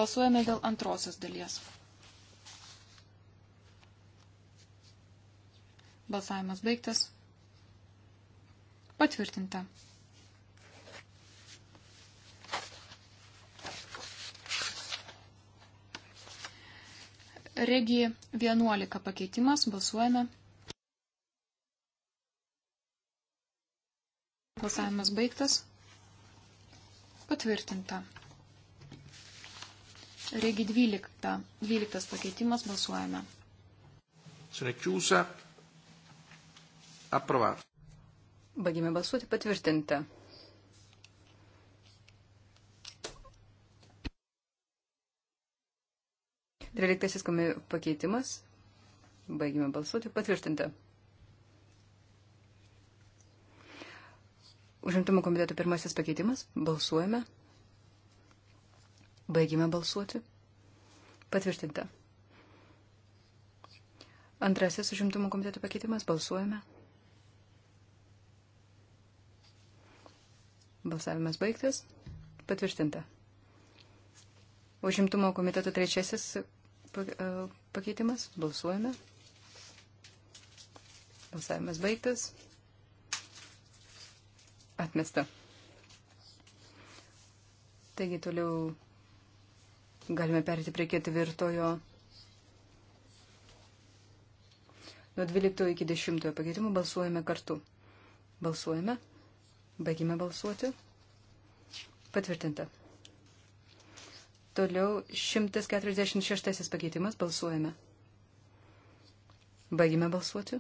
Balsuojame dėl antrosios dalies. Balsavimas baigtas. Patvirtinta. Regija 11 pakeitimas, balsuojame. Balsavimas baigtas. Patvirtinta. Regi 12, 12 pakeitimas, balsuojame. Sono chiusa. Approvato. Baigėme balsuoti patvirtinta. Dvyliktasis pakeitimas. Baigime balsuoti. Patvirtinta. Užimtumo komiteto pirmasis pakeitimas. Balsuojame. Baigime balsuoti. Patvirtinta. Antrasis užimtumo komiteto pakeitimas. Balsuojame. Balsavimas baigtas. Patvirtinta. Užimtumo komiteto trečiasis E, pakeitimas. Balsuojame. Balsavimas baigtas. Atmesta. Taigi toliau galime perėti prie ketvirtojo. Nuo 12 iki 10 pakeitimų balsuojame kartu. Balsuojame. Baigime balsuoti. Patvirtinta. Toliau 146 pakeitimas balsuojame. Baigime balsuoti.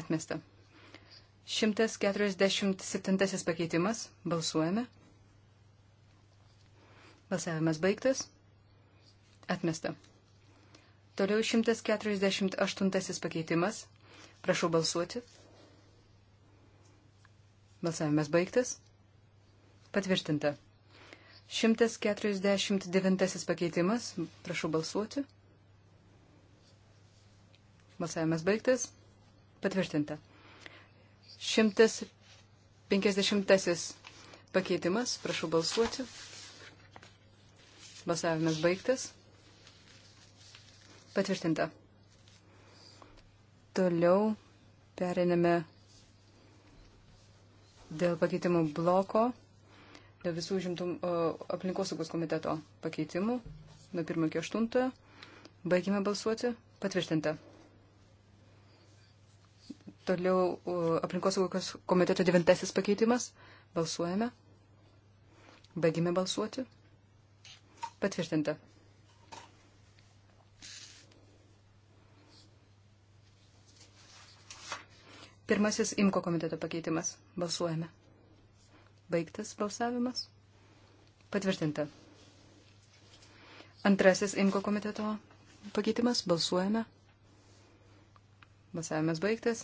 Atmesta. 147 pakeitimas. Balsuojame. Balsavimas baigtas. Atmesta. Toliau 148 pakeitimas. Prašau balsuoti. Balsavimas baigtas. Patvirtinta. 149 pakeitimas. Prašau balsuoti. Balsavimas baigtas. Patvirtinta. 150 pakeitimas. Prašau balsuoti. Balsavimas baigtas. Patvirtinta. Toliau periname dėl pakeitimų bloko dėl visų žimtum aplinkosaugos komiteto pakeitimų nuo 1 iki 8. Baigime balsuoti. Patvirtinta. Toliau aplinkosaugos komiteto devintasis pakeitimas. Balsuojame. Baigime balsuoti. Patvirtinta. Pirmasis imko komiteto pakeitimas. Balsuojame. Baigtas balsavimas. Patvirtinta. Antrasis Imko komiteto pakeitimas. Balsuojame. Balsavimas baigtas.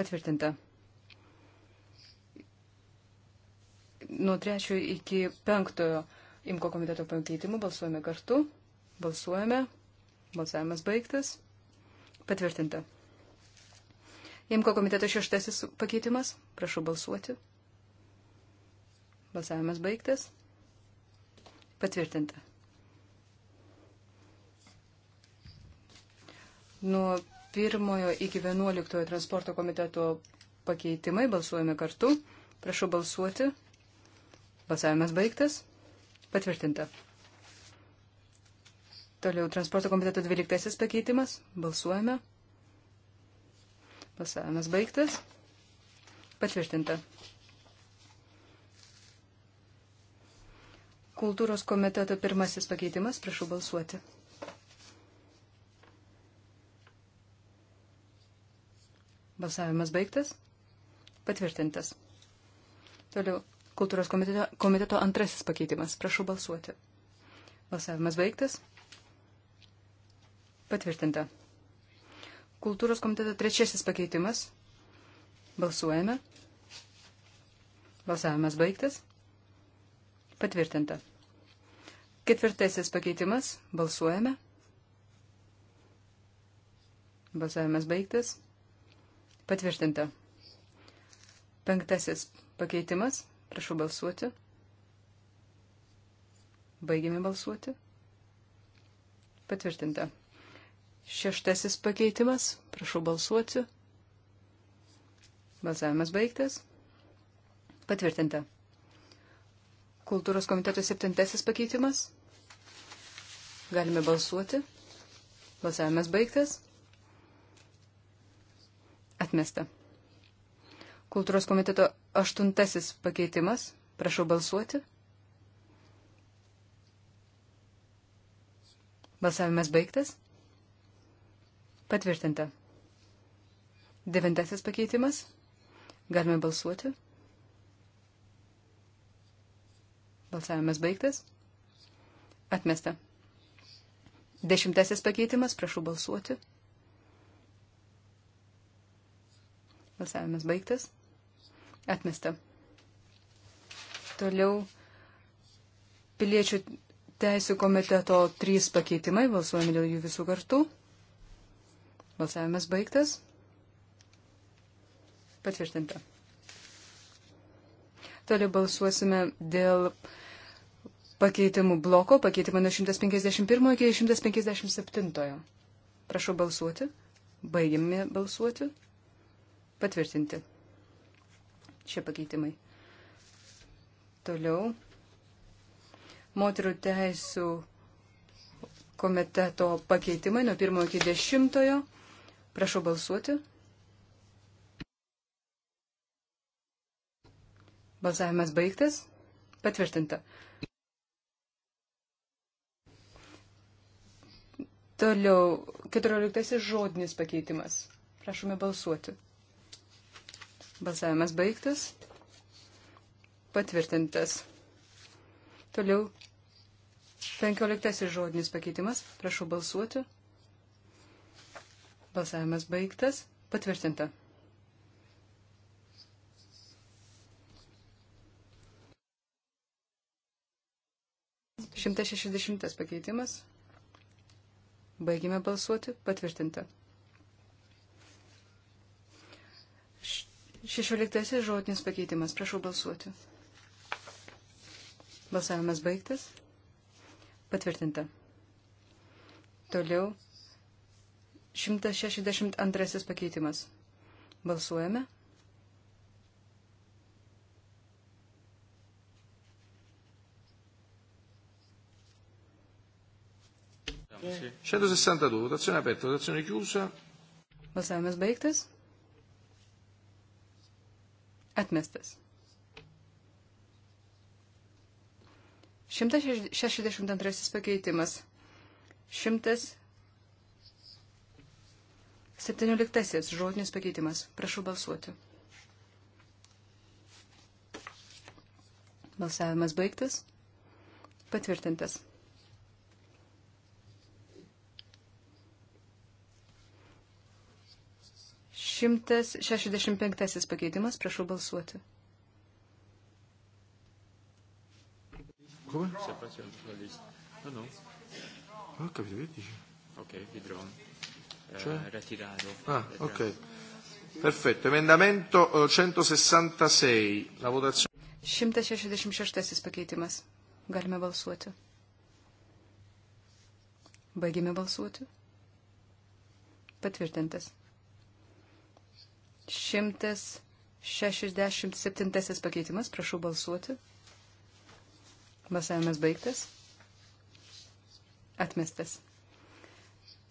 Patvirtinta. Nuo trečiojo iki penktojo Imko komiteto pakeitimų balsuojame kartu. Balsuojame. Balsavimas baigtas. Patvirtinta. Imko komiteto šeštasis pakeitimas. Prašau balsuoti. Balsavimas baigtas. Patvirtinta. Nuo pirmojo iki vienuoliktojo transporto komiteto pakeitimai balsuojame kartu. Prašau balsuoti. Balsavimas baigtas. Patvirtinta. Toliau transporto komiteto dvyliktasis pakeitimas. Balsuojame. Balsavimas baigtas. Patvirtinta. Kultūros komiteto pirmasis pakeitimas, prašau balsuoti. Balsavimas baigtas. Patvirtintas. Toliau. Kultūros komiteto, komiteto antrasis pakeitimas. Prašau balsuoti. Balsavimas baigtas. Patvirtinta. Kultūros komiteto trečiasis pakeitimas. Balsuojame. Balsavimas baigtas. Patvirtinta. Ketvirtasis pakeitimas. Balsuojame. Balsavimas baigtas. Patvirtinta. Penktasis pakeitimas. Prašau balsuoti. Baigiame balsuoti. Patvirtinta. Šeštasis pakeitimas. Prašau balsuoti. Balsavimas baigtas. Patvirtinta. Kultūros komiteto septintasis pakeitimas. Galime balsuoti. Balsavimas baigtas. Atmesta. Kultūros komiteto aštuntasis pakeitimas. Prašau balsuoti. Balsavimas baigtas. Patvirtinta. Devintasis pakeitimas. Galime balsuoti. Balsavimas baigtas. Atmesta. Dešimtasis pakeitimas, prašau balsuoti. Balsavimas baigtas. Atmesta. Toliau piliečių teisų komiteto trys pakeitimai, balsuojame dėl jų visų kartų. Balsavimas baigtas. Patvirtinta. Toliau balsuosime dėl pakeitimų bloko, pakeitimą nuo 151 iki 157. Prašau balsuoti. Baigiame balsuoti. Patvirtinti. Šie pakeitimai. Toliau. Moterų teisų komiteto pakeitimai nuo 1 iki 10. Prašau balsuoti. Balsavimas baigtas. Patvirtinta. Toliau, keturioliktasis žodinis pakeitimas. Prašome balsuoti. Balsavimas baigtas. Patvirtintas. Toliau, penkioliktasis žodinis pakeitimas. Prašau balsuoti. Balsavimas baigtas. Patvirtinta. Šimtas šešdešimtas pakeitimas. Baigime balsuoti. Patvirtinta. Šešioliktasis žodinis pakeitimas. Prašau balsuoti. Balsavimas baigtas. Patvirtinta. Toliau 162 pakeitimas. Balsuojame. 162, votazione aperta, votazione chiusa. Balsavimas baigtas. Atmestas. 162 pakeitimas. 117 žodinis pakeitimas. Prašau balsuoti. Balsavimas baigtas. Patvirtintas. 165 pakeitimas, prašau balsuoti. Quoi C'est pas sur la liste. Non, non. Ah, que vous avez dit. Ok, withdrawn. Eh, cioè? Eh, retirato. Ah, retirato. ok. Perfetto. Emendamento 166. Eh, la votazione. 166 pakeitimas. Galime balsuoti. Baigime balsuoti. Patvirtintas. 167 pakeitimas, prašau balsuoti. Balsavimas baigtas. Atmestas.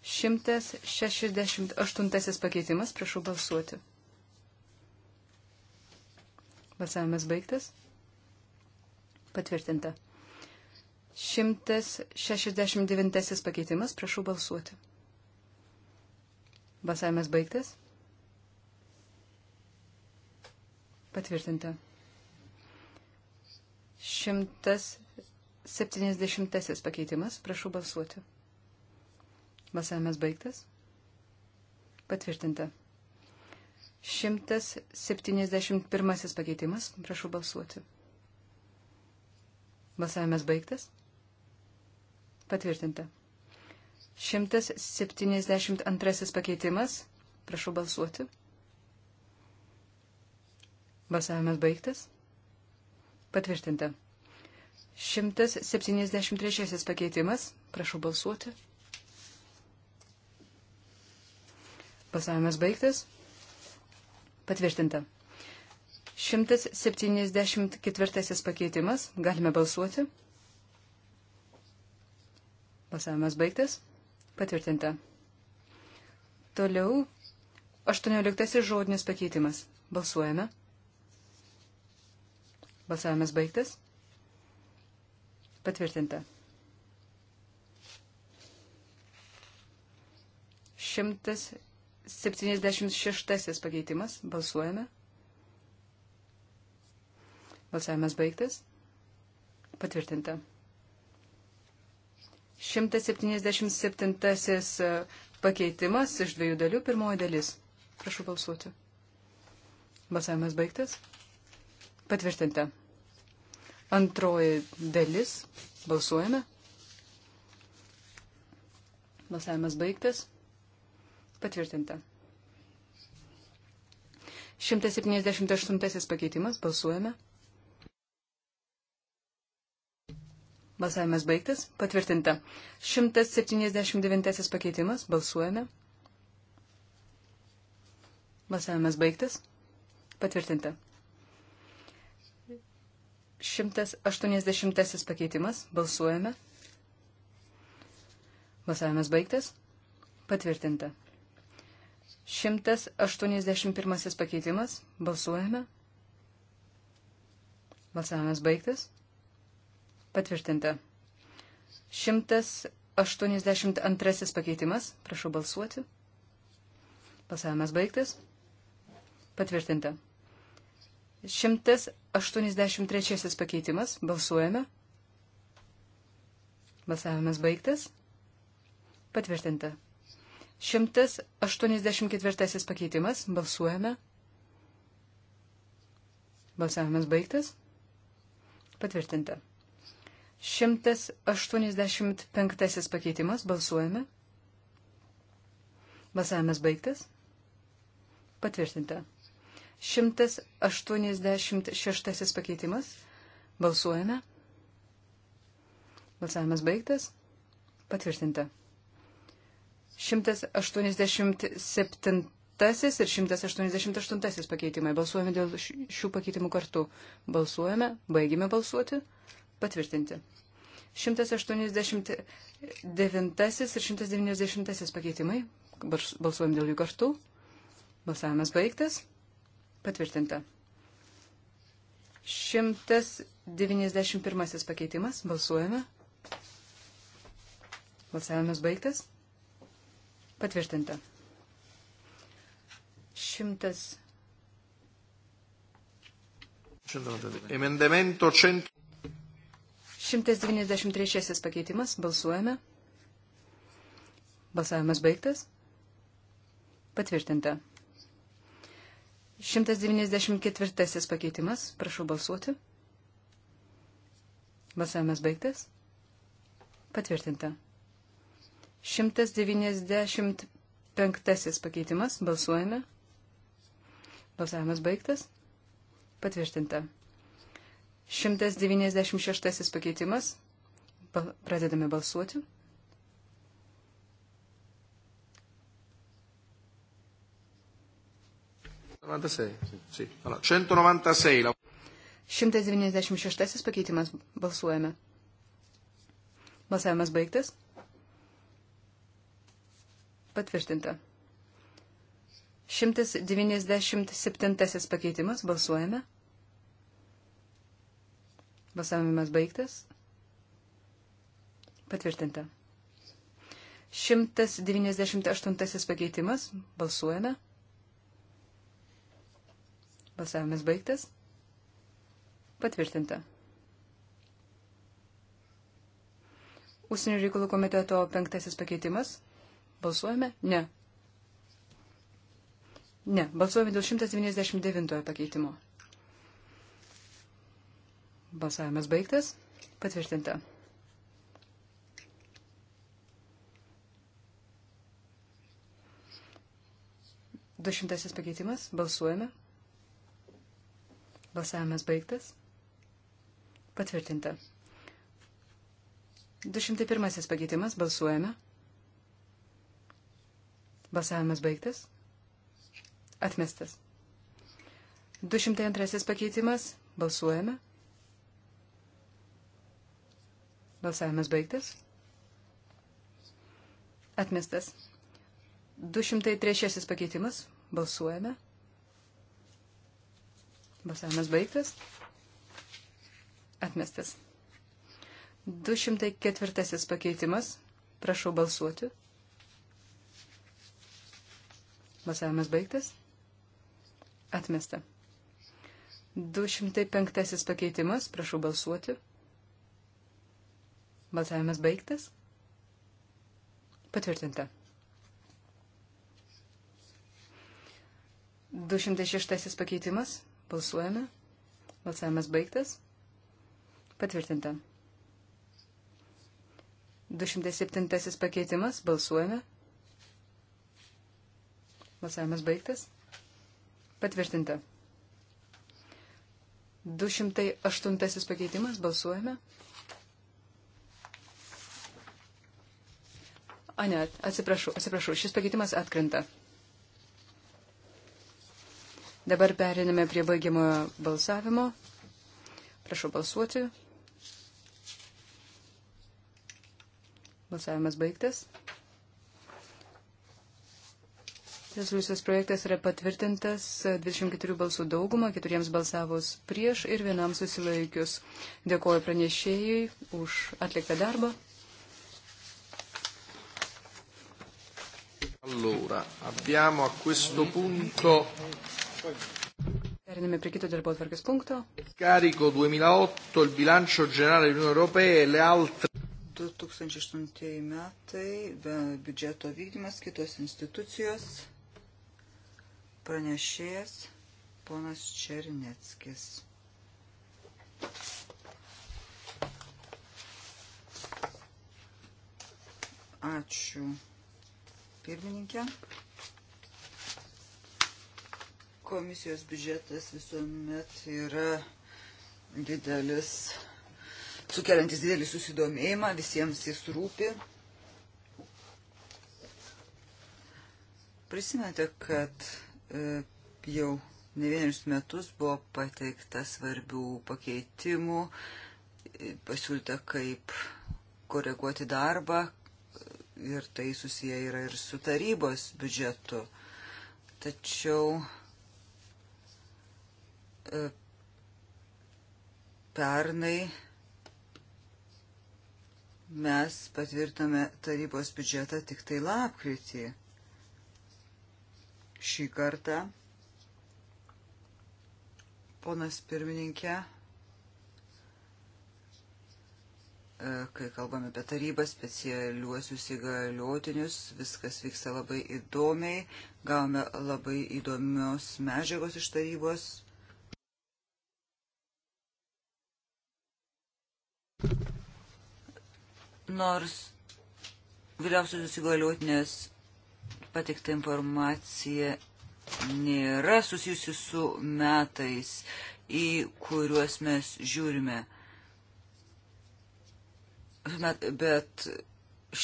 168 pakeitimas, prašau balsuoti. Balsavimas baigtas. Patvirtinta. 169 pakeitimas, prašau balsuoti. Balsavimas baigtas. Patvirtinta. 170 pakeitimas. Prašau balsuoti. Balsavimas baigtas. Patvirtinta. 171 pakeitimas. Prašau balsuoti. Balsavimas baigtas. Patvirtinta. 172 pakeitimas. Prašau balsuoti. Balsavimas baigtas. Patvirtinta. 173 pakeitimas. Prašau balsuoti. Balsavimas baigtas. Patvirtinta. 174 pakeitimas. Galime balsuoti. Balsavimas baigtas. Patvirtinta. Toliau 18 žodinis pakeitimas. Balsuojame. Balsavimas baigtas. Patvirtinta. 176 pakeitimas. Balsuojame. Balsavimas baigtas. Patvirtinta. 177 e, pakeitimas iš dviejų dalių. Pirmoji dalis. Prašau balsuoti. Balsavimas baigtas. Patvirtinta. Antroji dalis. Balsuojame. Balsavimas baigtas. Patvirtinta. 178 pakeitimas. Balsuojame. Balsavimas baigtas. Patvirtinta. 179 pakeitimas. Balsuojame. Balsavimas baigtas. Patvirtinta. 180 pakeitimas. Balsuojame. Balsavimas baigtas. Patvirtinta. 181 pakeitimas. Balsuojame. Balsavimas baigtas. Patvirtinta. 182 pakeitimas. Prašau balsuoti. Balsavimas baigtas. Patvirtinta. 183 pakeitimas. Balsuojame. Balsavimas baigtas. Patvirtinta. 184 pakeitimas. Balsuojame. Balsavimas baigtas. Patvirtinta. 185 pakeitimas. Balsuojame. Balsavimas baigtas. Patvirtinta. 186 pakeitimas. Balsuojame. Balsavimas baigtas. Patvirtinta. 187 ir 188 pakeitimai. Balsuojame dėl šių pakeitimų kartu. Balsuojame, baigime balsuoti, patvirtinti. 189 ir 190 pakeitimai. Balsuojame dėl jų kartu. Balsavimas baigtas. Patvirtinta. 191 pakeitimas. Balsuojame. Balsavimas baigtas. Patvirtinta. 100. Emendamento 100. 193 pakeitimas. Balsuojame. Balsavimas baigtas. Patvirtinta. 194 pakeitimas. Prašau balsuoti. Balsavimas baigtas. Patvirtinta. 195 pakeitimas. Balsuojame. Balsavimas baigtas. Patvirtinta. 196 pakeitimas. Pradedame balsuoti. 196. Sì. Allora, 196. La... 196 pakeitimas. Balsuojame. Balsavimas baigtas. Patvirtinta. 197 pakeitimas. Balsuojame. Balsavimas baigtas. Patvirtinta. 198 pakeitimas. Balsuojame. Balsavimas baigtas. Patvirtinta. Užsienio reikalų komiteto penktasis pakeitimas. Balsuojame? Ne. Ne, balsuojame dėl 199 pakeitimo. Balsavimas baigtas. Patvirtinta. Dušimtasis pakeitimas. Balsuojame. Balsavimas baigtas. Patvirtinta. 201 pakeitimas. Balsuojame. Balsavimas baigtas. Atmestas. 202 pakeitimas. Balsuojame. Balsavimas baigtas. Atmestas. 203 pakeitimas. Balsuojame. Balsavimas baigtas. Atmestas. 204 pakeitimas. Prašau balsuoti. Balsavimas baigtas. Atmesta. 205 pakeitimas. Prašau balsuoti. Balsavimas baigtas. Patvirtinta. 206 pakeitimas. Balsuojame. Balsavimas baigtas. Patvirtinta. 207 pakeitimas. Balsuojame. Balsavimas baigtas. Patvirtinta. 208 pakeitimas. Balsuojame. A ne, atsiprašau, atsiprašau, šis pakeitimas atkrenta. Dabar periname prie baigiamojo balsavimo. Prašau balsuoti. Balsavimas baigtas. Rezoliucijos projektas yra patvirtintas 24 balsų daugumą, keturiems balsavus prieš ir vienam susilaikius. Dėkoju pranešėjai už atliktą darbą. Allora, abbiamo a questo punto Periname prie kito darbo atvarkės punkto. Carico 2008, il bilancio generale dell'Unione Europea e le altre. 2008 metai, be biudžeto vykdymas, kitos institucijos, pranešėjas, ponas Černeckis. Ačiū pirmininkė. Komisijos biudžetas visuomet yra didelis, sukeliantis didelį susidomėjimą, visiems jis rūpi. Prisimenate, kad e, jau ne vienerius metus buvo pateikta svarbių pakeitimų, e, pasiūlyta kaip koreguoti darbą ir tai susiję yra ir su tarybos biudžetu. Tačiau E, pernai mes patvirtame tarybos biudžetą tik tai lapkritį. Šį kartą, ponas pirmininkė, e, kai kalbame apie tarybą, specialiuosius įgaliotinius, viskas vyksta labai įdomiai, gavome labai įdomios medžiagos iš tarybos Nors vyriausios įgaliotinės pateikta informacija nėra susijusi su metais, į kuriuos mes žiūrime. Bet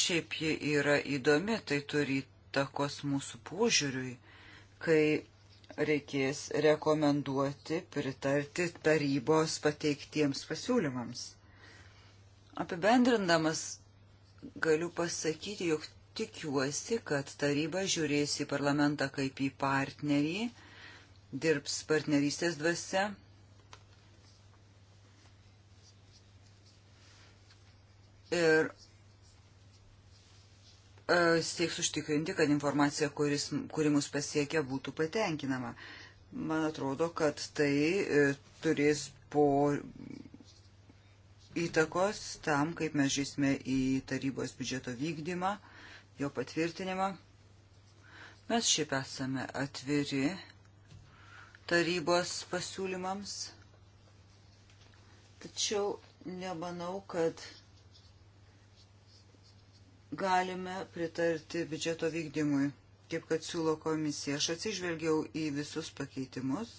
šiaip ji yra įdomi, tai turi takos mūsų požiūriui, kai reikės rekomenduoti, pritarti tarybos pateiktiems pasiūlymams. Apibendrindamas galiu pasakyti, jog tikiuosi, kad taryba žiūrės į parlamentą kaip į partnerį, dirbs partnerystės dvasia. Ir e, sieks užtikrinti, kad informacija, kuris, kuri mus pasiekia, būtų patenkinama. Man atrodo, kad tai e, turės po įtakos tam, kaip mes žiūrėsime į tarybos biudžeto vykdymą, jo patvirtinimą. Mes šiaip esame atviri tarybos pasiūlymams, tačiau nemanau, kad galime pritarti biudžeto vykdymui, kaip kad siūlo komisija. Aš atsižvelgiau į visus pakeitimus,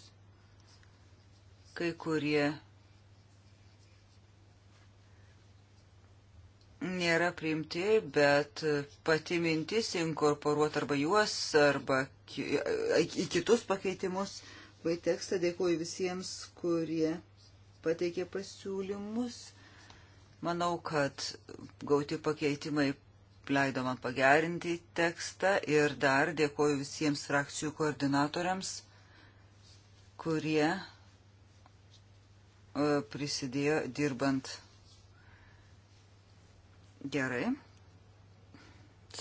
kai kurie nėra priimti, bet pati mintis inkorporuoti arba juos, arba į kitus pakeitimus. Vai tekstą dėkuoju visiems, kurie pateikė pasiūlymus. Manau, kad gauti pakeitimai leido man pagerinti tekstą ir dar dėkuoju visiems frakcijų koordinatoriams, kurie e, prisidėjo dirbant Gerai,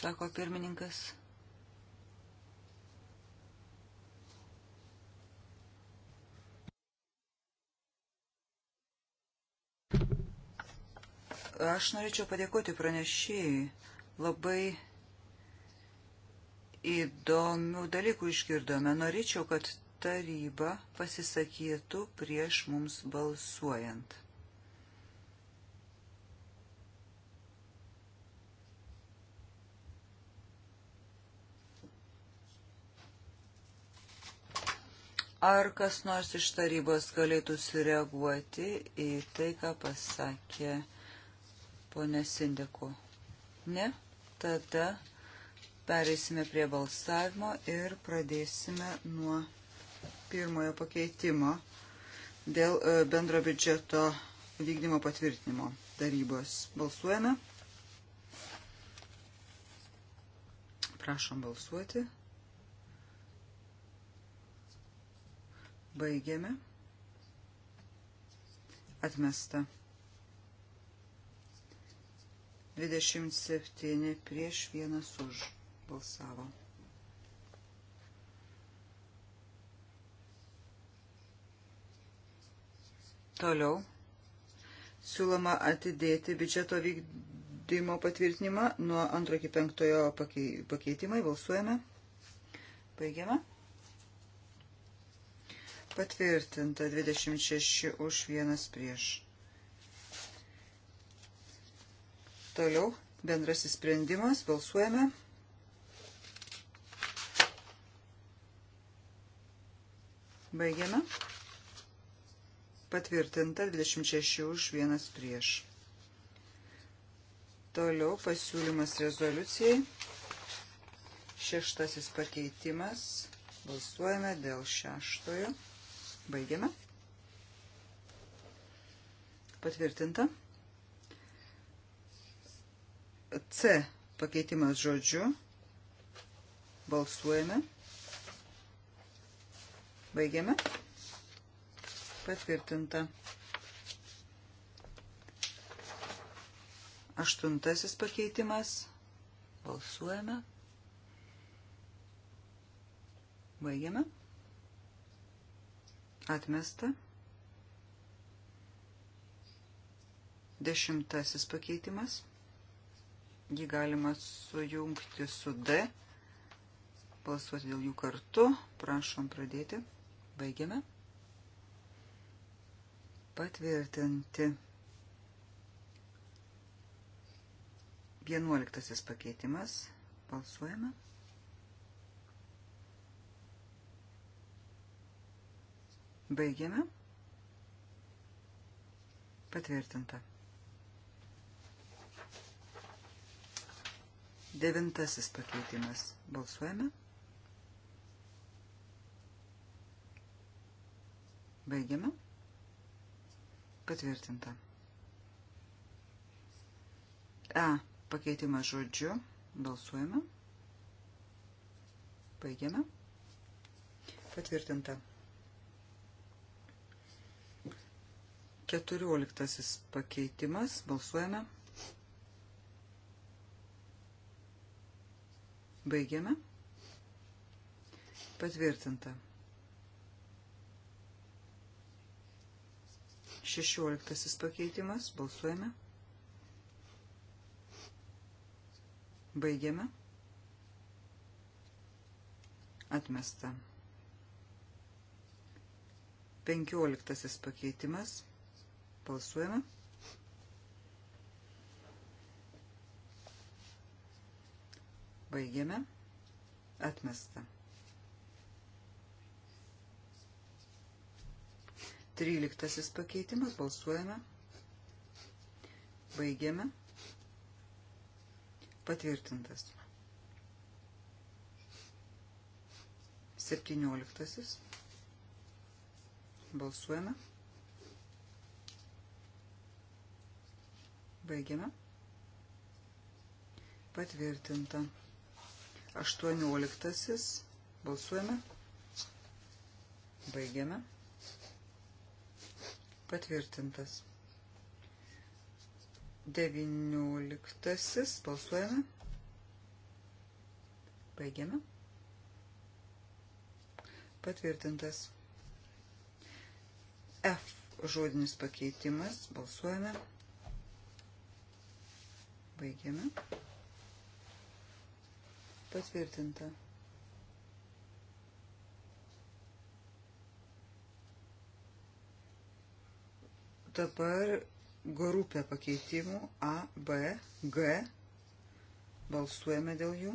sako pirmininkas. Aš norėčiau padėkoti pranešėjai. Labai įdomių dalykų išgirdome. Norėčiau, kad taryba pasisakytų prieš mums balsuojant. Ar kas nors iš tarybos galėtų sureaguoti į tai, ką pasakė ponė Sindeku? Ne? Tada pereisime prie balsavimo ir pradėsime nuo pirmojo pakeitimo dėl e, bendro biudžeto vykdymo patvirtinimo tarybos. Balsuojame. Prašom balsuoti. Baigiame. Atmesta. 27 prieš vienas už balsavo. Toliau siūloma atidėti biudžeto vykdymo patvirtinimą nuo 2 iki 5 pakeitimai. Balsuojame. Baigiame. Patvirtinta 26 už 1 prieš. Toliau bendrasis sprendimas. Balsuojame. Baigiame. Patvirtinta 26 už 1 prieš. Toliau pasiūlymas rezoliucijai. Šeštasis pakeitimas. Balsuojame dėl šeštojo. Baigiame. Patvirtinta. C pakeitimas žodžiu. Balsuojame. Baigiame. Patvirtinta. Aštuntasis pakeitimas. Balsuojame. Baigiame atmesta. Dešimtasis pakeitimas. Jį galima sujungti su D. Balsuoti dėl jų kartu. Prašom pradėti. Baigiame. Patvirtinti. Vienuoliktasis pakeitimas. Balsuojame. Baigiame. Patvirtinta. Devintasis pakeitimas. Balsuojame. Baigiame. Patvirtinta. E. Pakeitimas žodžiu. Balsuojame. Baigiame. Patvirtinta. Keturioliktasis pakeitimas. Balsuojame. Baigiame. Patvirtinta. Šešioliktasis pakeitimas. Balsuojame. Baigiame. Atmesta. Penkioliktasis pakeitimas. Balsuojame. Baigiame. Atmesta. 13 pakeitimas. Balsuojame. Baigiame. Patvirtintas. 17. Balsuojame. Baigiame. Patvirtinta. 18. Balsuojame. Baigiame. Patvirtintas. 19. Balsuojame. Baigiame. Patvirtintas. F žodinis pakeitimas. Balsuojame. Baigiame. Baigiame. Patvirtinta. Dabar grupė pakeitimų A, B, G. Balsuojame dėl jų.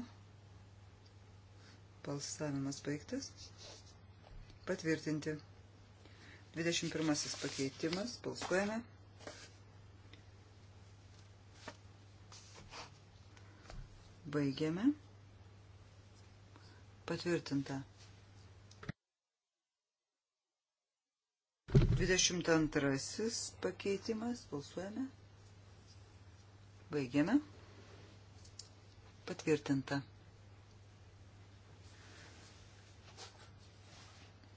Balsavimas baigtas. Patvirtinti. 21 pakeitimas. Balsuojame. Baigiame. Patvirtinta. 22 pakeitimas. Balsuojame. Baigiame. Patvirtinta.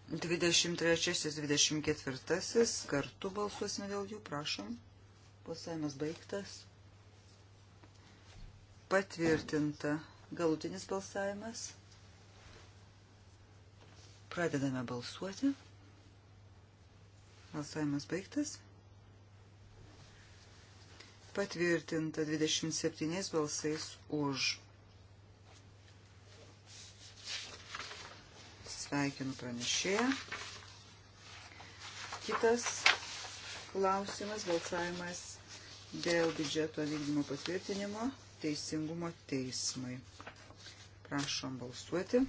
23-24 kartu balsuosime dėl jų, prašom. Balsavimas baigtas. Patvirtinta. Galutinis balsavimas. Pradedame balsuoti. Balsavimas baigtas. Patvirtinta 27 balsais už. Sveikinu pranešėją. Kitas klausimas, balsavimas dėl biudžeto vykdymo patvirtinimo teisingumo teismui. Prašom balsuoti.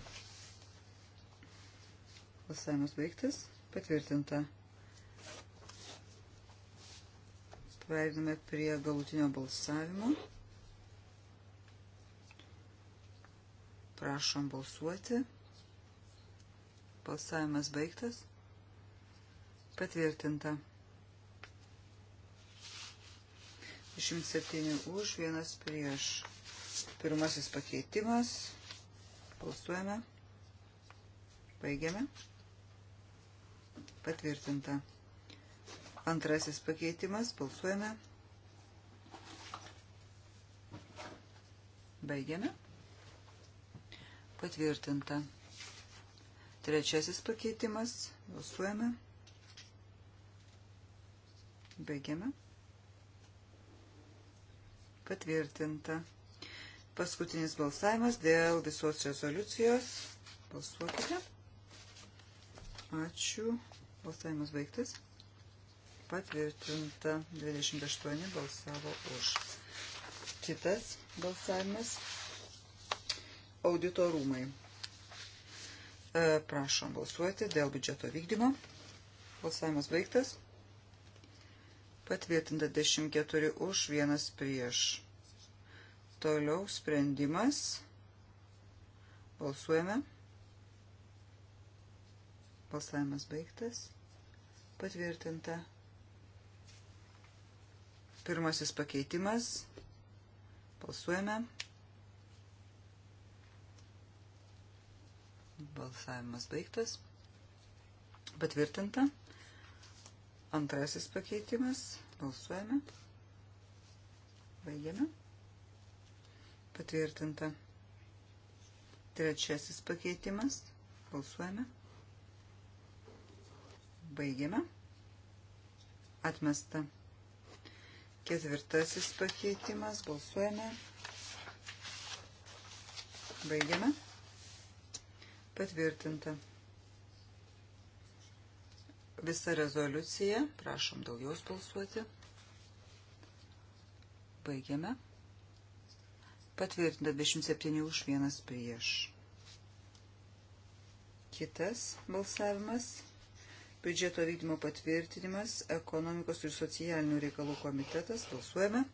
Balsavimas baigtas. Patvirtinta. Praeidame prie galutinio balsavimo. Prašom balsuoti. Balsavimas baigtas. Patvirtinta. 67 už, vienas prieš. Pirmasis pakeitimas. Balsuojame. Baigiame. Patvirtinta. Antrasis pakeitimas. Balsuojame. Baigiame. Patvirtinta. Trečiasis pakeitimas. Balsuojame. Baigiame. Patvirtinta. Paskutinis balsavimas dėl visos rezoliucijos. Balsuokite. Ačiū. Balsavimas baigtas. Patvirtinta. 28 balsavo už. Kitas balsavimas. Audito rūmai. E, prašom balsuoti dėl biudžeto vykdymo. Balsavimas baigtas. Patvirtinta 14 už, 1 prieš. Toliau sprendimas. Balsuojame. Balsavimas baigtas. Patvirtinta. Pirmasis pakeitimas. Balsuojame. Balsavimas baigtas. Patvirtinta. Antrasis pakeitimas. Balsuojame. Baigiame. Patvirtinta. Trečiasis pakeitimas. Balsuojame. Baigiame. Atmesta. Ketvirtasis pakeitimas. Balsuojame. Baigiame. Patvirtinta. Visa rezoliucija, prašom dėl jos balsuoti. Baigiame. Patvirtinta 27 už 1 prieš. Kitas balsavimas. Biudžeto vykdymo patvirtinimas, ekonomikos ir socialinių reikalų komitetas. Balsuojame.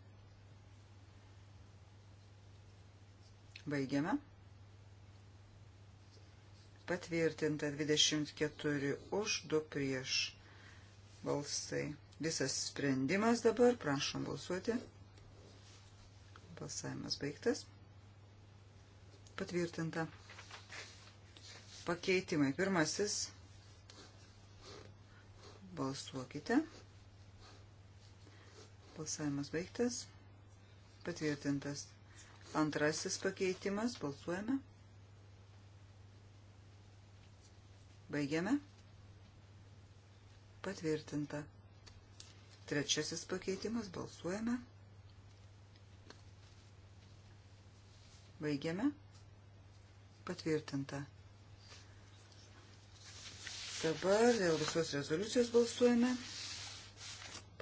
Baigiame patvirtinta 24 už 2 prieš balsai. Visas sprendimas dabar, prašom balsuoti. Balsavimas baigtas. Patvirtinta. Pakeitimai. Pirmasis. Balsuokite. Balsavimas baigtas. Patvirtintas. Antrasis pakeitimas. Balsuojame. Balsuojame. Baigiame. Patvirtinta. Trečiasis pakeitimas. Balsuojame. Baigiame. Patvirtinta. Dabar dėl visos rezoliucijos balsuojame.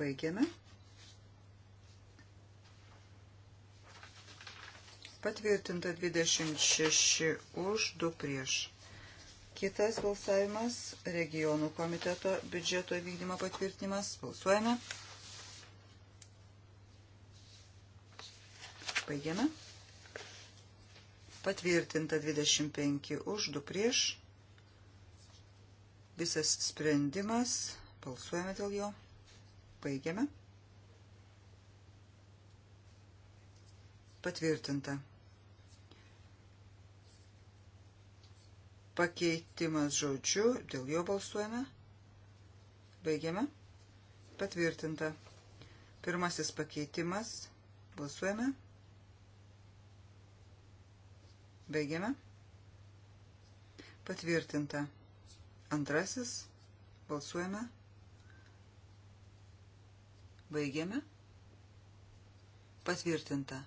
Baigiame. Patvirtinta 26 už 2 prieš. Kitas balsavimas – regionų komiteto biudžeto vykdymo patvirtinimas. Balsuojame. Baigiame. Patvirtinta 25 už, 2 prieš. Visas sprendimas. Balsuojame dėl jo. Baigiame. Patvirtinta. Pakeitimas žodžiu, dėl jo balsuojame. Baigiame. Patvirtinta. Pirmasis pakeitimas. Balsuojame. Baigiame. Patvirtinta. Antrasis. Balsuojame. Baigiame. Patvirtinta.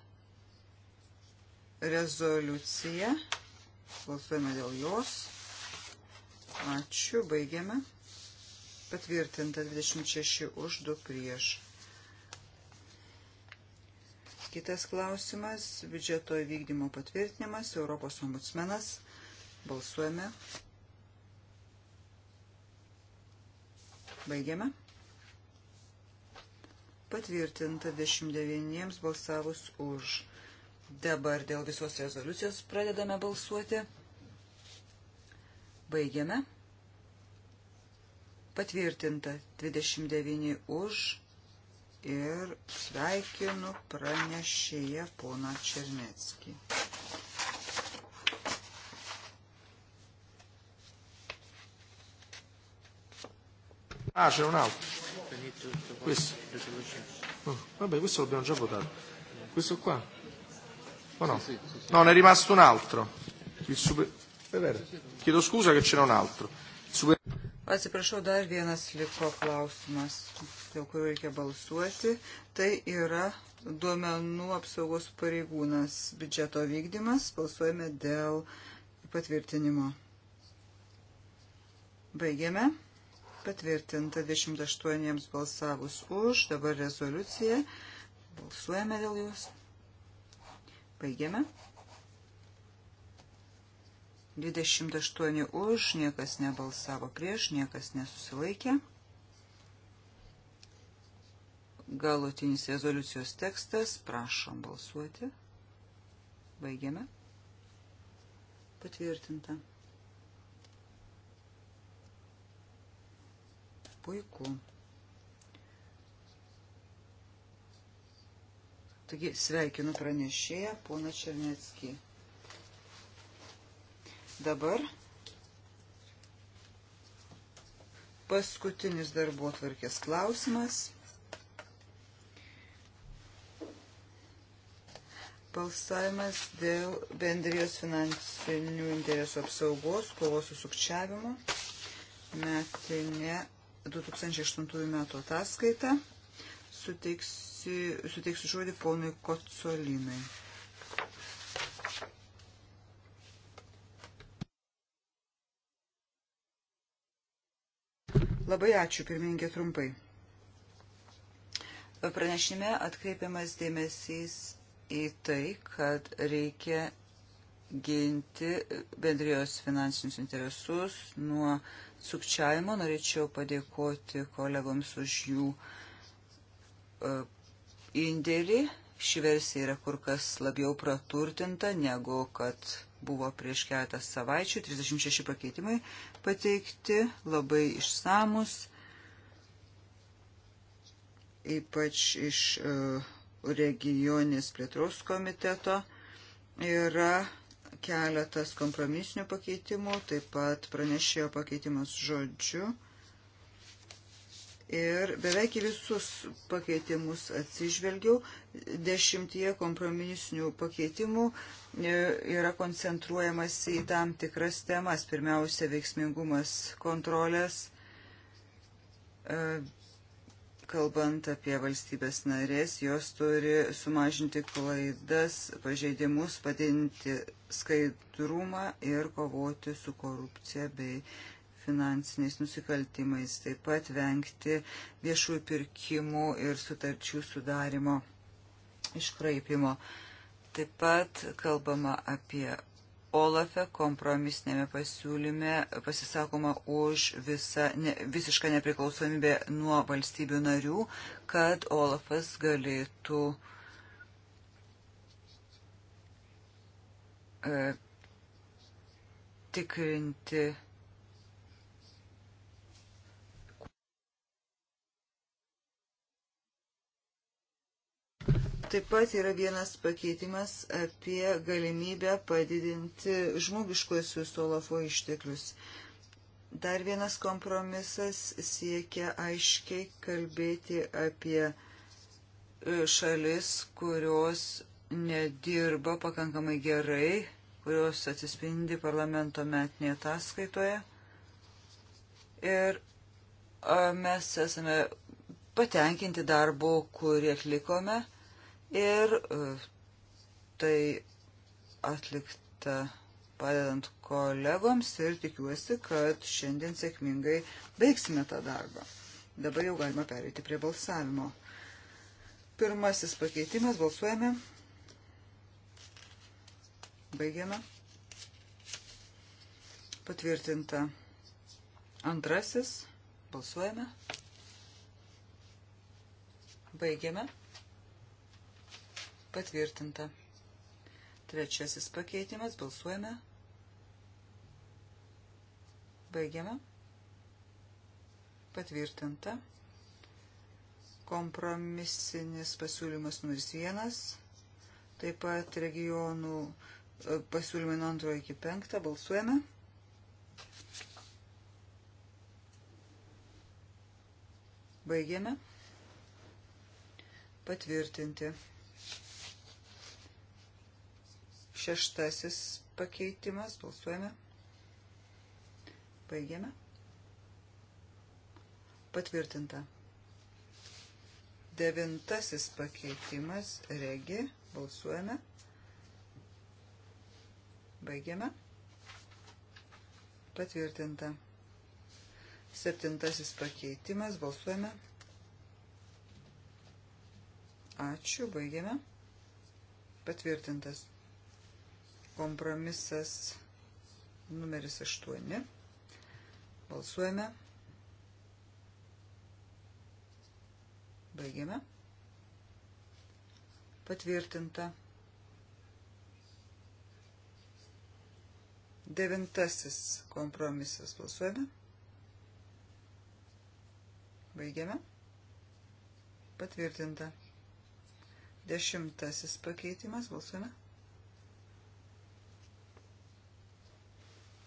Rezoliucija. Balsuojame dėl jos. Ačiū, baigiame. Patvirtinta 26 už 2 prieš. Kitas klausimas – biudžeto įvykdymo patvirtinimas, Europos ombudsmenas. Balsuojame. Baigiame. Patvirtinta 29 balsavus už. Dabar dėl visos rezoliucijos pradedame balsuoti. Baigiame. Patvirtinta 29 už ir sveikinu pranešėją poną Černecki. Ah, c'è un altro. Questo. Oh, vabbè, questo l'abbiamo già votato. Questo qua. O no? No, ne è rimasto un altro. Il super... Chiedo scusa che c'era un altro. Il super... Atsiprašau, dar vienas liko klausimas, dėl kurio reikia balsuoti. Tai yra duomenų apsaugos pareigūnas biudžeto vykdymas. Balsuojame dėl patvirtinimo. Baigiame. Patvirtinta 28 balsavus už. Dabar rezoliucija. Balsuojame dėl jos. Baigiame. 28 už, niekas nebalsavo prieš, niekas nesusilaikė. Galutinis rezoliucijos tekstas, prašom balsuoti. Baigiame. Patvirtinta. Puiku. Taigi sveikinu pranešėją, pona Černecki. Dabar paskutinis darbo tvarkės klausimas. Balsavimas dėl bendrijos finansinių interesų apsaugos, kovos su sukčiavimu, metinė 2008 metų ataskaita suteiksi, suteiksiu žodį ponui Kocolinai. Labai ačiū, pirmininkė, trumpai. Pranešime atkreipiamas dėmesys į tai, kad reikia ginti bendrijos finansinius interesus nuo sukčiavimo. Norėčiau padėkoti kolegoms už jų uh, E, indėlį. Ši versija yra kur kas labiau praturtinta negu kad buvo prieš keletą savaičių. 36 pakeitimai pateikti, labai išsamus, ypač iš e, regionės plėtros komiteto. Yra keletas kompromisinių pakeitimų, taip pat pranešėjo pakeitimas žodžiu ir beveik į visus pakeitimus atsižvelgiau. Dešimtie kompromisinių pakeitimų e, yra koncentruojamas į tam tikras temas. Pirmiausia, veiksmingumas kontrolės, e, kalbant apie valstybės narės, jos turi sumažinti klaidas, pažeidimus, padinti skaidrumą ir kovoti su korupcija bei finansiniais nusikaltimais, taip pat vengti viešųjų pirkimų ir sutarčių sudarimo iškraipimo. Taip pat kalbama apie Olafe kompromisinėme pasiūlyme pasisakoma už visą, ne, visišką nepriklausomybę nuo valstybių narių, kad Olafas galėtų e, tikrinti Taip pat yra vienas pakeitimas apie galimybę padidinti žmogiškuosius Olafo išteklius. Dar vienas kompromisas siekia aiškiai kalbėti apie e, šalis, kurios nedirba pakankamai gerai, kurios atsispindi parlamento metinėje ataskaitoje. Ir e, mes esame patenkinti darbu, kurį atlikome Ir e, tai atlikta padedant kolegoms ir tikiuosi, kad šiandien sėkmingai baigsime tą darbą. Dabar jau galima pereiti prie balsavimo. Pirmasis pakeitimas, balsuojame. Baigiame. Patvirtinta. Antrasis, balsuojame. Baigiame patvirtinta. Trečiasis pakeitimas, balsuojame. Baigiame. Patvirtinta. Kompromisinis pasiūlymas numeris vienas. Taip pat regionų e, pasiūlymai nuo antrojo iki penktą. Balsuojame. Baigiame. Patvirtinti. Šeštasis pakeitimas. Balsuojame. Baigiame. Patvirtinta. Devintasis pakeitimas. Regi. Balsuojame. Baigiame. Patvirtinta. Septintasis pakeitimas. Balsuojame. Ačiū. Baigiame. Patvirtintas. Kompromisas numeris 8. Balsuojame. Baigiame. Patvirtinta. Devintasis kompromisas. Balsuojame. Baigiame. Patvirtinta. Dešimtasis pakeitimas. Balsuojame.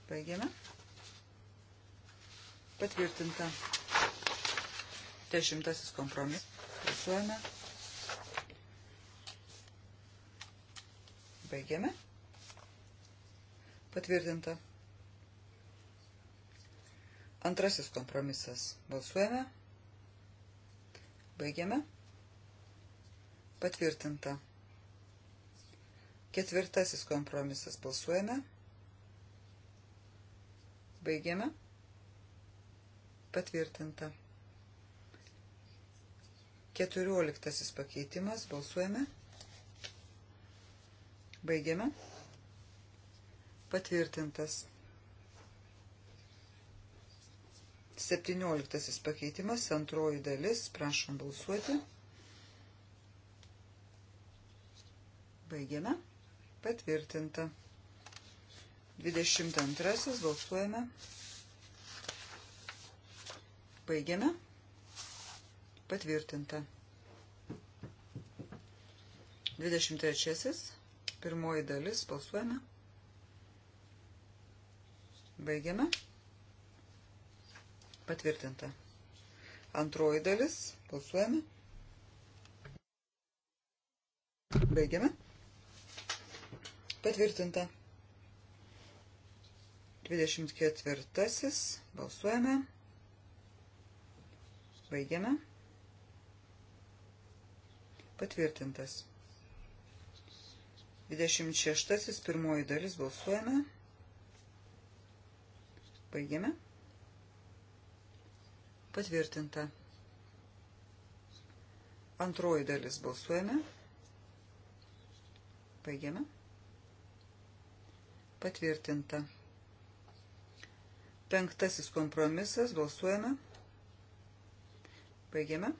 Baigiame. Patvirtinta. Dešimtasis kompromis. Balsuojame. Baigiame. Patvirtinta. Antrasis kompromisas. Balsuojame. Baigiame. Patvirtinta. Ketvirtasis kompromisas. Balsuojame. Baigiame. Baigiame. Patvirtinta. Keturioliktasis pakeitimas. Balsuojame. Baigiame. Patvirtintas. Septynioliktasis pakeitimas. Antroji dalis. Prašom balsuoti. Baigiame. Patvirtinta. 22 balsuojame. Baigiame. Patvirtinta. 23 pirmoji dalis balsuojame. Baigiame. Patvirtinta. Antroji dalis balsuojame. Baigiame. Patvirtinta. 24. Balsuojame. Baigiame. Patvirtintas. 26. Pirmoji dalis. Balsuojame. Baigiame. Patvirtinta. Antroji dalis. Balsuojame. Baigiame. Patvirtinta. Penktasis kompromisas. Balsuojame. Baigiame.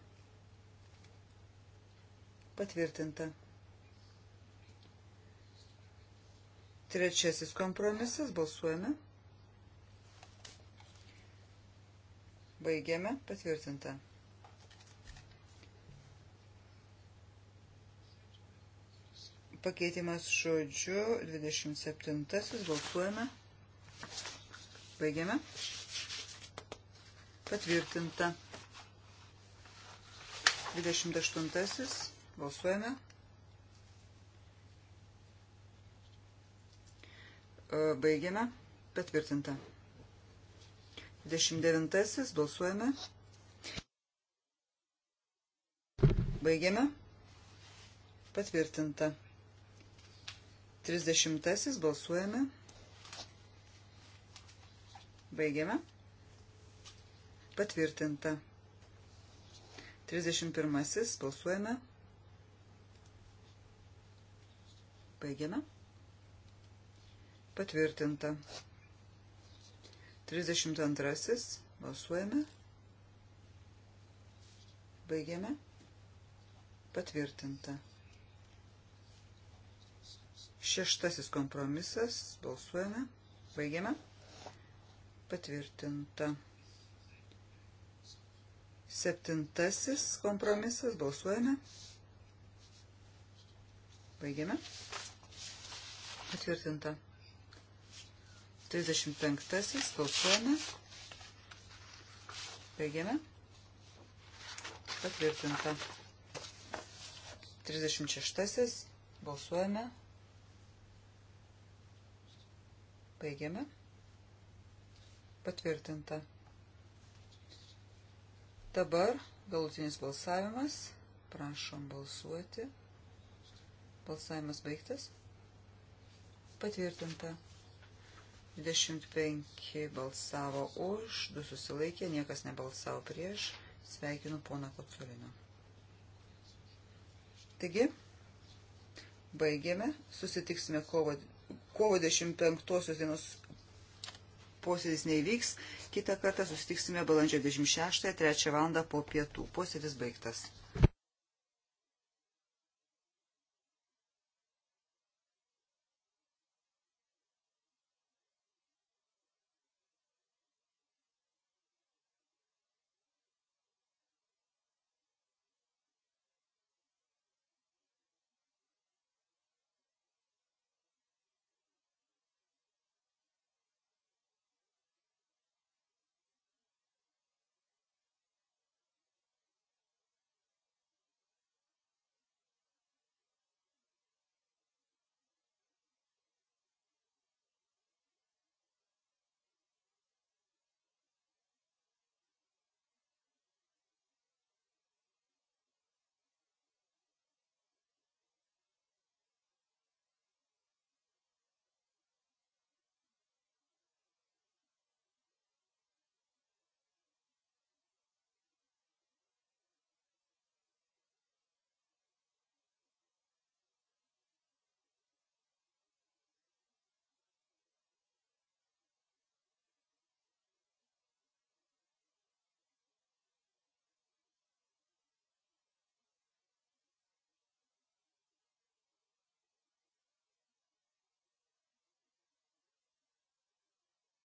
Patvirtinta. Trečiasis kompromisas. Balsuojame. Baigiame. Patvirtinta. Pakeitimas žodžiu 27. Balsuojame. Baigiame. Patvirtinta. 28. E, Balsuojame. Baigiame. Patvirtinta. 29. Balsuojame. Baigiame. Patvirtinta. 30. Balsuojame. Baigiame. Patvirtinta. 31. Balsuojame. Baigiame. Patvirtinta. 32. Balsuojame. Baigiame. Patvirtinta. Šeštasis kompromisas. Balsuojame. Baigiame. Patvirtinta. Septintasis kompromisas. Balsuojame. Baigiame. Patvirtinta. 35. Balsuojame. Baigiame. Patvirtinta. 36. Balsuojame. Baigiame. Patvirtinta. Dabar galutinis balsavimas. Prašom balsuoti. Balsavimas baigtas. Patvirtinta. 25 balsavo už, 2 susilaikė, niekas nebalsavo prieš. Sveikinu poną Koculino. Taigi, baigėme. Susitiksime kovo, kovo 25 dienos posėdis neįvyks. Kita kartą susitiksime balandžio 26-3 val. po pietų. Posėdis baigtas.